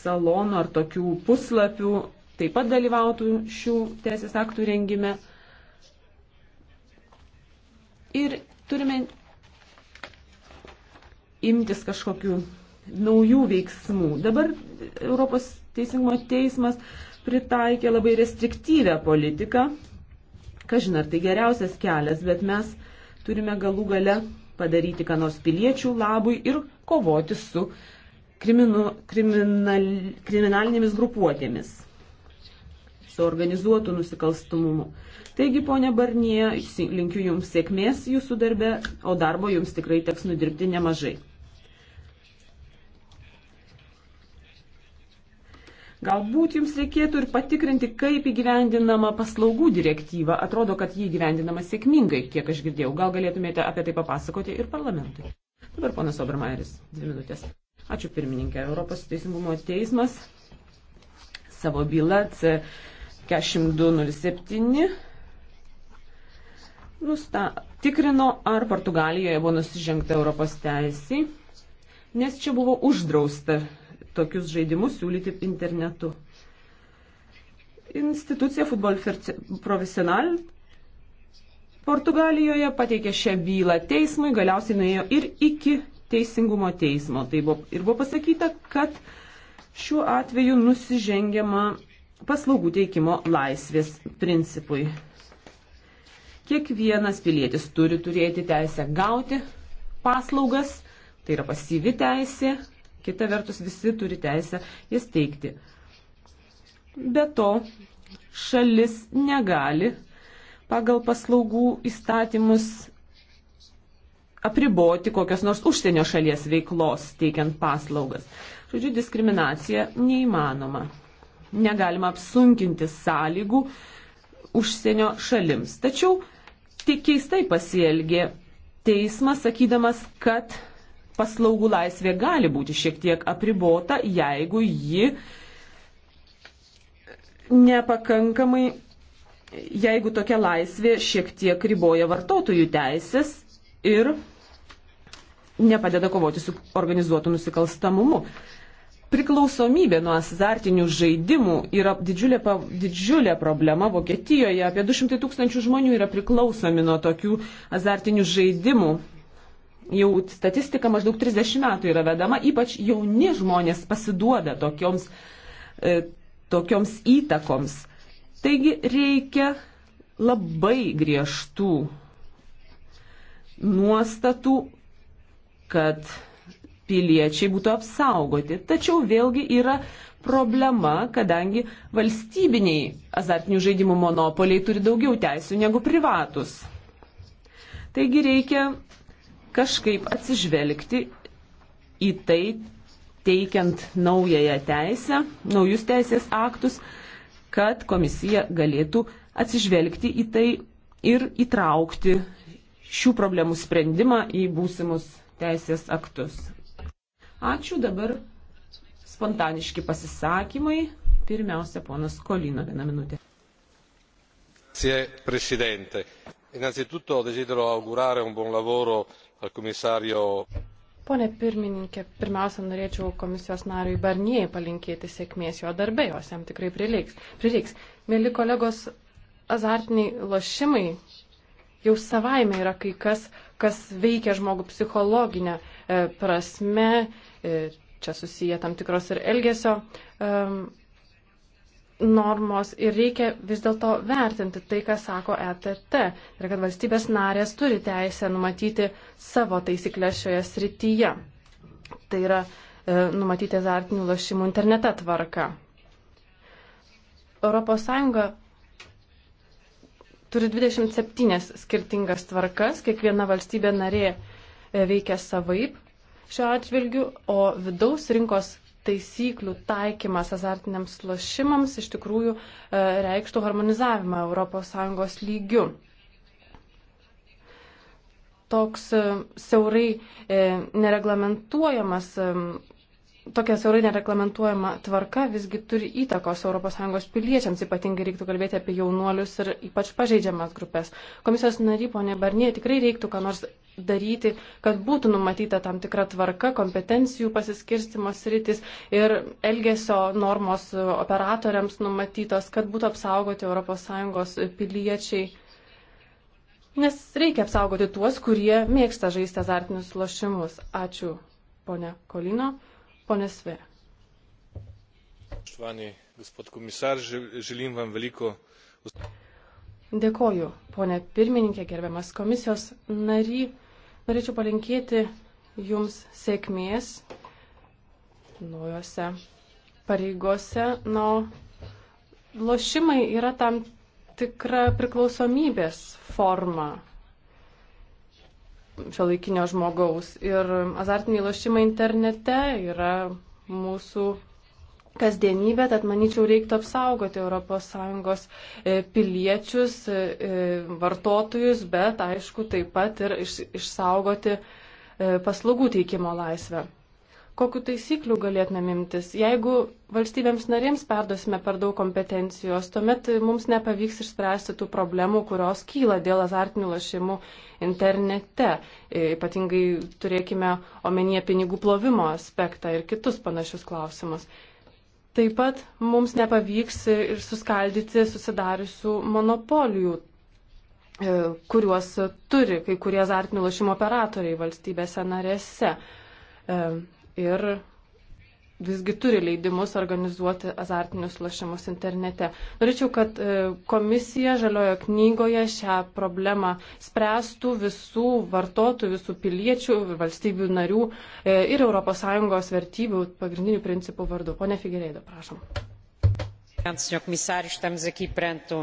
salonų ar tokių puslapių taip pat dalyvautų šių teisės aktų rengime. Ir Turime imtis kažkokių naujų veiksmų. Dabar Europos Teisingumo teismas pritaikė labai restriktyvę politiką. Kažin ar tai geriausias kelias, bet mes turime galų gale padaryti ką nors piliečių labui ir kovoti su kriminu, kriminal, kriminalinėmis grupuotėmis, su organizuotu nusikalstumumu. Taigi, ponė Barnie, linkiu Jums sėkmės Jūsų darbe, o darbo Jums tikrai teks nudirbti nemažai. Galbūt jums reikėtų ir patikrinti, kaip įgyvendinama paslaugų direktyva. Atrodo, kad jį įgyvendinama sėkmingai, kiek aš girdėjau. Gal galėtumėte apie tai papasakoti ir parlamentui. Dabar ponas Obermaeris, dvi minutės. Ačiū pirmininkė. Europos teisingumo teismas savo bylą C4207 nusta, tikrino, ar Portugalijoje buvo nusižengta Europos teisiai, nes čia buvo uždrausta tokius žaidimus siūlyti internetu. Institucija Futbol Profesional Portugalijoje pateikė šią bylą teismui, galiausiai nuėjo ir iki teisingumo teismo. Tai buvo, ir buvo pasakyta, kad šiuo atveju nusižengiama paslaugų teikimo laisvės principui. Kiekvienas pilietis turi turėti teisę gauti paslaugas, tai yra pasyvi teisė, kita vertus visi turi teisę jas teikti. Be to, šalis negali pagal paslaugų įstatymus apriboti kokios nors užsienio šalies veiklos teikiant paslaugas. Žodžiu, diskriminacija neįmanoma. Negalima apsunkinti sąlygų užsienio šalims. Tačiau tik keistai pasielgė teismas, sakydamas, kad paslaugų laisvė gali būti šiek tiek apribota, jeigu ji nepakankamai, jeigu tokia laisvė šiek tiek riboja vartotojų teisės ir nepadeda kovoti su organizuotu nusikalstamumu. Priklausomybė nuo azartinių žaidimų yra didžiulė, didžiulė problema Vokietijoje. Apie 200 tūkstančių žmonių yra priklausomi nuo tokių azartinių žaidimų. Jau statistika maždaug 30 metų yra vedama, ypač jauni žmonės pasiduoda tokioms, e, tokioms įtakoms. Taigi reikia labai griežtų nuostatų, kad piliečiai būtų apsaugoti. Tačiau vėlgi yra problema, kadangi valstybiniai azartinių žaidimų monopoliai turi daugiau teisų negu privatus. Taigi reikia kažkaip atsižvelgti į tai, teikiant naująją teisę, naujus teisės aktus, kad komisija galėtų atsižvelgti į tai ir įtraukti šių problemų sprendimą į būsimus teisės aktus. Ačiū dabar spontaniški pasisakymai. Pirmiausia, ponas Kolino, vieną minutę. Grazie Presidente. Innanzitutto desidero augurare un buon lavoro al commissario. Pone pirmininkė, pirmiausia, norėčiau komisijos nariui Barnijai palinkėti sėkmės jo darbe, jos jam tikrai prireiks. prireiks. Mėly kolegos, azartiniai lošimai jau savaime yra kai kas, kas veikia žmogų psichologinę e, prasme, Čia susiję tam tikros ir elgesio um, normos ir reikia vis dėlto vertinti tai, ką sako ETT. Ir kad valstybės narės turi teisę numatyti savo taisyklės šioje srityje. Tai yra e, numatyti azartinių lašimų internete tvarką. ES turi 27 skirtingas tvarkas, kiekviena valstybė narė e, veikia savaip šiuo atžvilgiu, o vidaus rinkos taisyklių taikymas azartiniams lošimams iš tikrųjų e, reikštų harmonizavimą ES lygiu. Toks e, siaurai e, nereglamentuojamas tokia siaurai nereglamentuojama tvarka visgi turi įtakos ES piliečiams, ypatingai reiktų kalbėti apie jaunuolius ir ypač pažeidžiamas grupės. Komisijos nary, ponė Barnie, tikrai reiktų ką nors daryti, kad būtų numatyta tam tikra tvarka, kompetencijų pasiskirstimo sritis ir elgesio normos operatoriams numatytos, kad būtų apsaugoti ES piliečiai. Nes reikia apsaugoti tuos, kurie mėgsta žaisti azartinius lošimus. Ačiū, ponia Kolino. Pone Sve. Štvani, gospod komisar, želim vam veliko. Dėkoju, ponė pirmininkė, gerbiamas komisijos nary. Norėčiau palinkėti Jums sėkmės naujose pareigose. Na, lošimai yra tam tikra priklausomybės forma šiolaikinio žmogaus. Ir azartiniai lošimai internete yra mūsų kasdienybė, tad manyčiau reiktų apsaugoti ES e, piliečius, e, e, vartotojus, bet aišku taip pat ir išsaugoti paslaugų teikimo laisvę kokiu taisykliu galėtumėm imtis. Jeigu valstybėms narėms perduosime per daug kompetencijos, tuomet mums nepavyks išspręsti tų problemų, kurios kyla dėl azartinių lašimų internete. E, ypatingai turėkime omenyje pinigų plovimo aspektą ir kitus panašius klausimus. Taip pat mums nepavyks ir suskaldyti susidariusių monopolijų e, kuriuos turi kai kurie azartinių lašimų operatoriai valstybėse narėse e, ir visgi turi leidimus organizuoti azartinius lošimus internete. Norėčiau, kad e, komisija žaliojo knygoje šią problemą spręstų visų vartotojų, visų piliečių, valstybių narių e, ir ES vertybių pagrindinių principų vardu. Pone Figerėda, prašom. Senhor Comissário, estamos aqui perante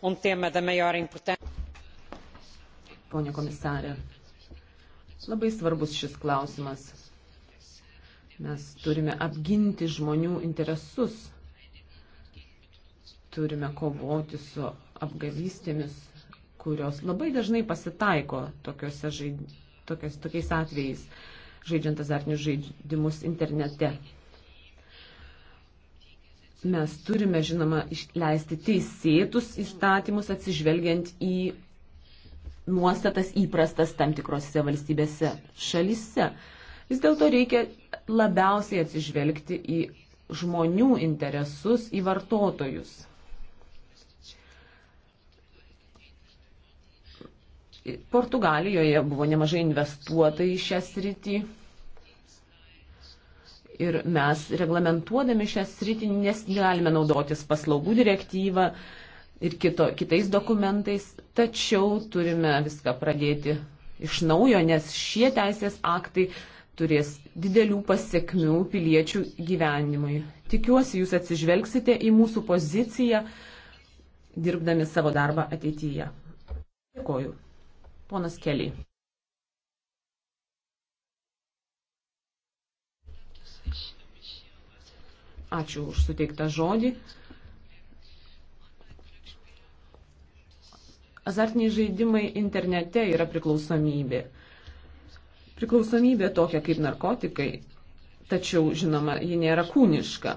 um tema da maior importância. Pone komisarė, labai svarbus šis klausimas Mes turime apginti žmonių interesus, turime kovoti su apgavystėmis, kurios labai dažnai pasitaiko žaid... tokios, tokiais atvejais, žaidžiant azartinius žaidimus internete. Mes turime, žinoma, išleisti teisėtus įstatymus atsižvelgiant į nuostatas įprastas tam tikrose valstybėse šalise. Vis dėlto reikia labiausiai atsižvelgti į žmonių interesus, į vartotojus. Portugalijoje buvo nemažai investuota į šią sritį. Ir mes reglamentuodami šią sritį negalime naudotis paslaugų direktyvą ir kito, kitais dokumentais, tačiau turime viską pradėti iš naujo, nes šie teisės aktai turės didelių pasiekmių piliečių gyvenimui. Tikiuosi, jūs atsižvelgsite į mūsų poziciją, dirbdami savo darbą ateityje. Dėkoju. Ponas Keliai. Ačiū už suteiktą žodį. Azartiniai žaidimai internete yra priklausomybė priklausomybė tokia kaip narkotikai, tačiau, žinoma, ji nėra kūniška.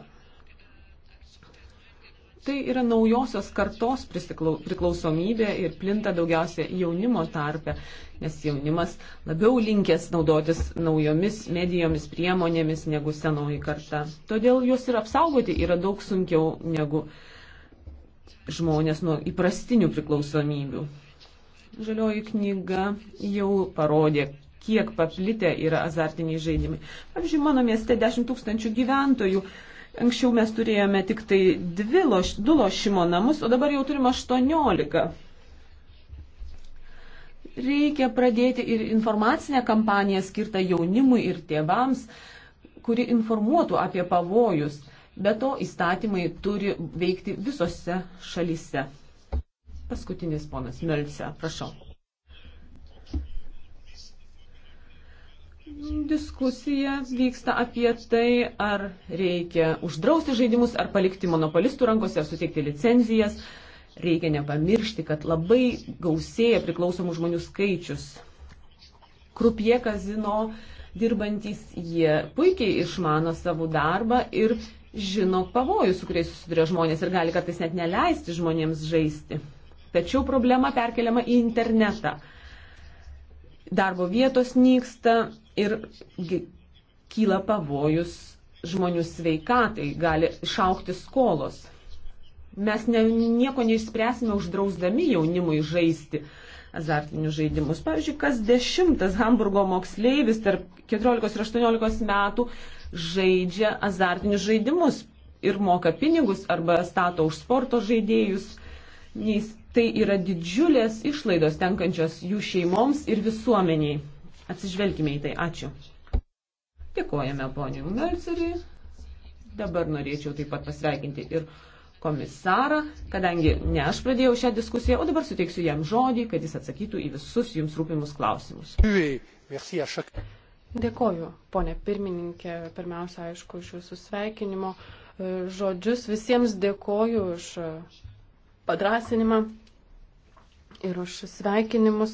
Tai yra naujosios kartos priklausomybė ir plinta daugiausia jaunimo tarpe, nes jaunimas labiau linkęs naudotis naujomis medijomis, priemonėmis negu senoji karta. Todėl juos ir apsaugoti yra daug sunkiau negu žmonės nuo įprastinių priklausomybių. Žalioji knyga jau parodė, kiek paplitę yra azartiniai žaidimai. Pavyzdžiui, mano mieste 10 tūkstančių gyventojų. Anksčiau mes turėjome tik tai dvi loš, du lošimo namus, o dabar jau turime 18. Reikia pradėti ir informacinę kampaniją skirtą jaunimui ir tėvams, kuri informuotų apie pavojus. Be to įstatymai turi veikti visose šalyse. Paskutinis ponas Melce, prašau. diskusija vyksta apie tai, ar reikia uždrausti žaidimus, ar palikti monopolistų rankose, ar suteikti licenzijas. Reikia nepamiršti, kad labai gausėja priklausomų žmonių skaičius. Krupie kazino dirbantys jie puikiai išmano savo darbą ir žino pavojus, su kuriais susiduria žmonės ir gali kartais net neleisti žmonėms žaisti. Tačiau problema perkeliama į internetą darbo vietos nyksta ir kyla pavojus žmonių sveikatai, gali išaukti skolos. Mes ne, nieko neišspręsime uždrausdami jaunimui žaisti azartinius žaidimus. Pavyzdžiui, kas dešimtas Hamburgo moksleivis tarp 14 ir 18 metų žaidžia azartinius žaidimus ir moka pinigus arba stato už sporto žaidėjus. Neis Tai yra didžiulės išlaidos tenkančios jų šeimoms ir visuomeniai. Atsižvelgime į tai. Ačiū. Dėkojame poniai Melceriui. Dabar norėčiau taip pat pasveikinti ir komisarą, kadangi ne aš pradėjau šią diskusiją, o dabar suteiksiu jam žodį, kad jis atsakytų į visus jums rūpimus klausimus. Dėkoju, ponė pirmininkė, pirmiausia, aišku, už jūsų sveikinimo e, žodžius. Visiems dėkoju už e, padrasinimą ir už sveikinimus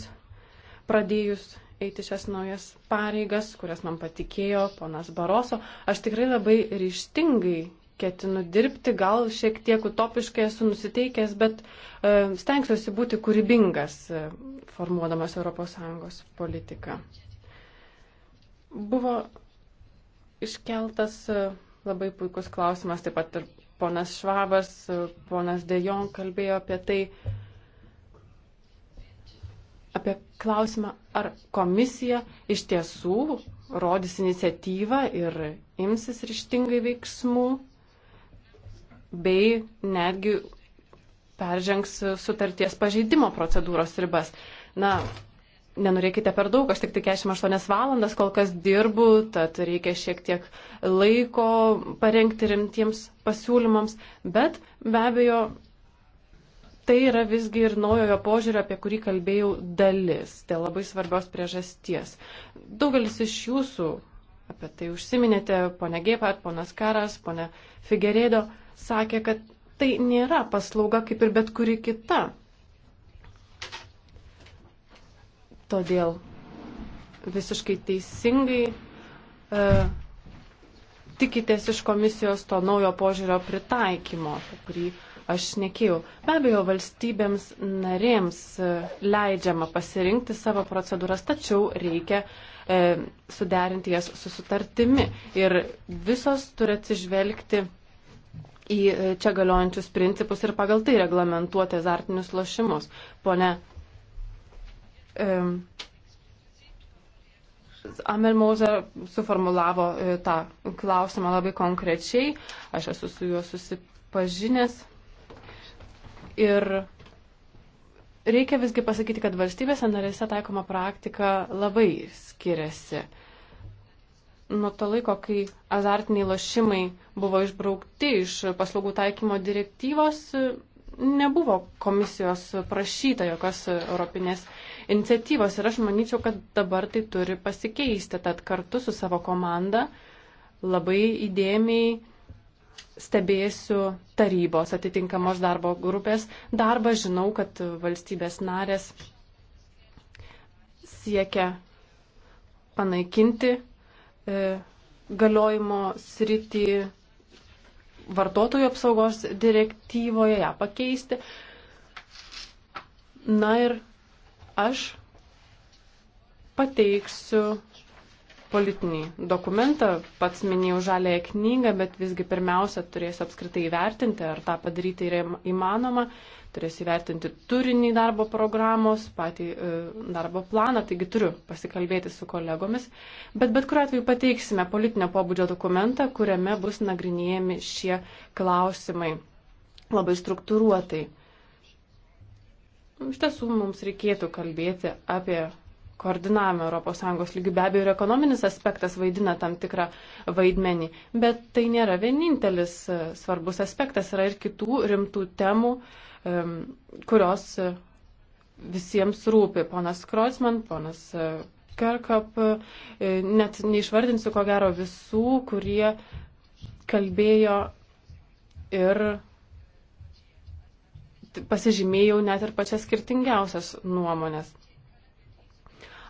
pradėjus eiti šias naujas pareigas, kurias man patikėjo ponas Baroso. Aš tikrai labai ryštingai ketinu dirbti, gal šiek tiek utopiškai esu nusiteikęs, bet e, stengsiuosi būti kūrybingas e, formuodamas ES politiką. Buvo iškeltas e, labai puikus klausimas, taip pat ir ponas Švabas, e, ponas Dejon kalbėjo apie tai, e, apie klausimą, ar komisija iš tiesų rodys iniciatyvą ir imsis ryštingai veiksmų, bei netgi peržengs sutarties pažeidimo procedūros ribas. Na, nenorėkite per daug, aš tik tai 48 valandas kol kas dirbu, tad reikia šiek tiek laiko parengti rimtiems pasiūlymams, bet be abejo tai yra visgi ir naujojo požiūrio, apie kurį kalbėjau, dalis dėl labai svarbios priežasties. Daugelis iš jūsų apie tai užsiminėte, ponė Gėpat, ponas Karas, ponė Figerėdo, sakė, kad tai nėra paslauga kaip ir bet kuri kita. Todėl visiškai teisingai e, tikitės iš komisijos to naujo požiūrio pritaikymo, apie kurį aš nekėjau. Be abejo, valstybėms narėms e, leidžiama pasirinkti savo procedūras, tačiau reikia e, suderinti jas su sutartimi. Ir visos turi atsižvelgti į e, čia galiojančius principus ir pagal tai reglamentuoti azartinius lošimus. Pone e, Amel Moser suformulavo e, tą klausimą labai konkrečiai, aš esu su juo susipažinęs. Ir reikia visgi pasakyti, kad valstybėse narėse taikoma praktika labai skiriasi. Nuo to laiko, kai azartiniai lošimai buvo išbraukti iš paslaugų taikymo direktyvos, nebuvo komisijos prašyta jokios europinės iniciatyvos. Ir aš manyčiau, kad dabar tai turi pasikeisti. Tad kartu su savo komanda labai įdėmiai stebėsiu tarybos atitinkamos darbo grupės darbą. Žinau, kad valstybės narės siekia panaikinti e, galiojimo sritį vartotojų apsaugos direktyvoje, ją pakeisti. Na ir aš pateiksiu politinį dokumentą, pats minėjau žalėje knygą, bet visgi pirmiausia turėsiu apskritai įvertinti, ar tą padaryti yra įmanoma, turėsiu įvertinti turinį darbo programos, patį e, darbo planą, taigi turiu pasikalbėti su kolegomis, bet bet kuriuo atveju pateiksime politinio pobūdžio dokumentą, kuriame bus nagrinėjami šie klausimai labai struktūruotai. Iš tiesų mums reikėtų kalbėti apie koordinavimą ES lygių. Be abejo, ir ekonominis aspektas vaidina tam tikrą vaidmenį, bet tai nėra vienintelis e, svarbus aspektas, yra ir kitų rimtų temų, kurios e, visiems rūpi. Ponas Kreutzmann, ponas e, Kerkap, net neišvardinsiu ko gero visų, kurie kalbėjo ir pasižymėjau net ir pačias skirtingiausias nuomonės.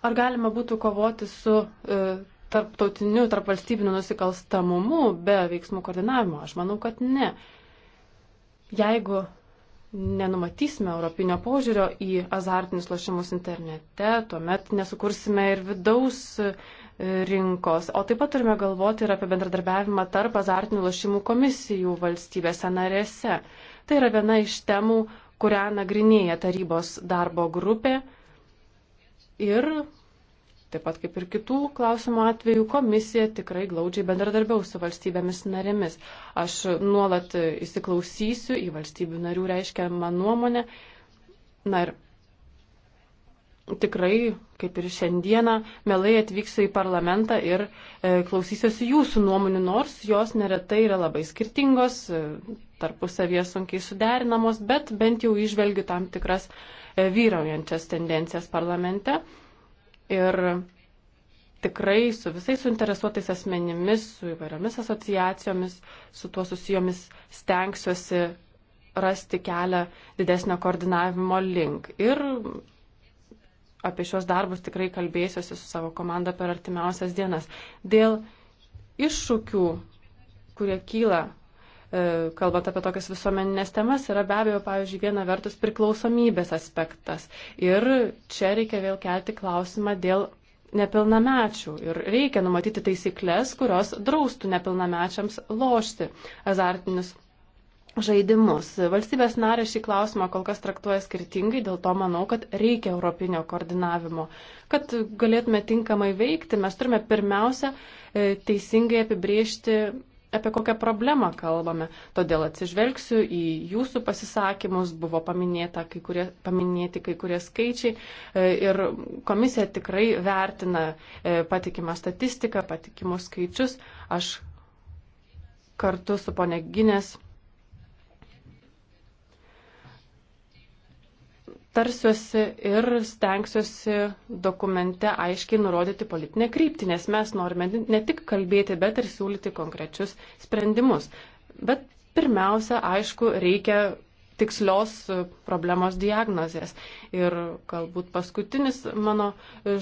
Ar galima būtų kovoti su e, tarptautiniu, tarpvalstybiniu nusikalstamumu be veiksmų koordinavimo? Aš manau, kad ne. Jeigu nenumatysime europinio požiūrio į azartinius lošimus internete, tuomet nesukursime ir vidaus e, rinkos. O taip pat turime galvoti ir apie bendradarbiavimą tarp azartinių lošimų komisijų valstybėse narėse. Tai yra viena iš temų, kurią nagrinėja tarybos darbo grupė Ir taip pat kaip ir kitų klausimų atveju komisija tikrai glaudžiai bendradarbiaus su valstybėmis narėmis. Aš nuolat įsiklausysiu į valstybių narių reiškiamą nuomonę. Na ir tikrai, kaip ir šiandieną, mielai atvyksiu į parlamentą ir e, klausysiuosi jūsų nuomonių, nors jos neretai yra labai skirtingos, e, tarpusavie sunkiai suderinamos, bet bent jau išvelgiu tam tikras vyraujančias tendencijas parlamente. Ir tikrai su visais suinteresuotais asmenimis, su įvairiomis asociacijomis, su tuo susijomis stengsiuosi rasti kelią didesnio koordinavimo link. Ir apie šios darbus tikrai kalbėsiuosi su savo komanda per artimiausias dienas. Dėl iššūkių, kurie kyla E, kalbant apie tokias visuomeninės temas, yra be abejo, pavyzdžiui, viena vertus priklausomybės aspektas. Ir čia reikia vėl kelti klausimą dėl nepilnamečių ir reikia numatyti taisyklės, kurios draustų nepilnamečiams lošti azartinius žaidimus. Valstybės narė šį klausimą kol kas traktuoja skirtingai, dėl to manau, kad reikia europinio koordinavimo. Kad galėtume tinkamai veikti, mes turime pirmiausia e, teisingai apibriežti apie kokią problemą kalbame. Todėl atsižvelgsiu į jūsų pasisakymus, buvo kai kurie, paminėti kai kurie skaičiai e, ir komisija tikrai vertina e, patikimą statistiką, patikimus skaičius. Aš kartu su poneginės tarsiuosi ir stengsiuosi dokumente aiškiai nurodyti politinę kryptį, nes mes norime ne tik kalbėti, bet ir siūlyti konkrečius sprendimus. Bet pirmiausia, aišku, reikia tikslios problemos diagnozės. Ir galbūt paskutinis mano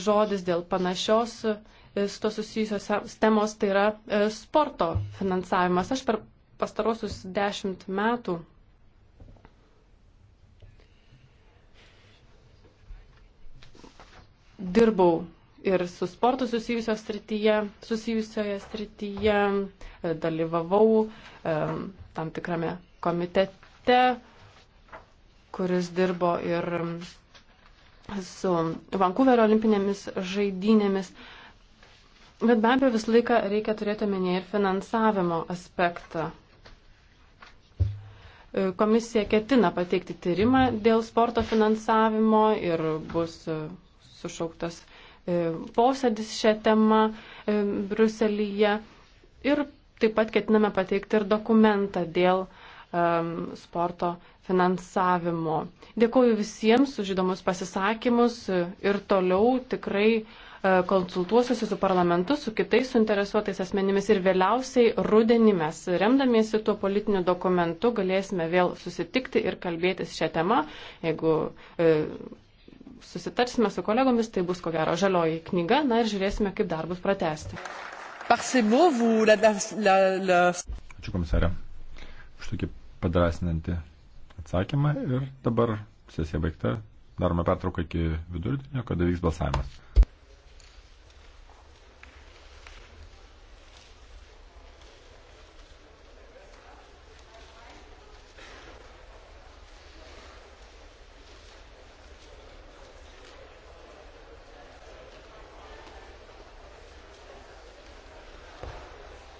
žodis dėl panašios su e, to susijusios temos tai yra e, sporto finansavimas. Aš per pastarosius dešimt metų dirbau ir su sportu susijusios srityje, susijusioje srityje, e, dalyvavau e, tam tikrame komitete, kuris dirbo ir su Vancouverio olimpinėmis žaidynėmis. Bet be abejo visą laiką reikia turėti omenyje ir finansavimo aspektą. E, komisija ketina pateikti tyrimą dėl sporto finansavimo ir bus sušauktas e, posėdis šią temą e, Bruselyje ir taip pat ketiname pateikti ir dokumentą dėl sporto finansavimo. Dėkuoju visiems už įdomus pasisakymus ir toliau tikrai e, konsultuosiuosi su parlamentu, su kitais suinteresuotais asmenimis ir vėliausiai rudenį mes, remdamiesi tuo politiniu dokumentu, galėsime vėl susitikti ir kalbėtis šią temą, jeigu e, susitarsime su kolegomis, tai bus ko gero žalioji knyga, na ir žiūrėsime, kaip darbus pratesti. Ačiū komisarė už tokį padrasinantį atsakymą ir dabar sesija baigta. Darome pertrauką iki vidurdienio, kada vyks balsavimas.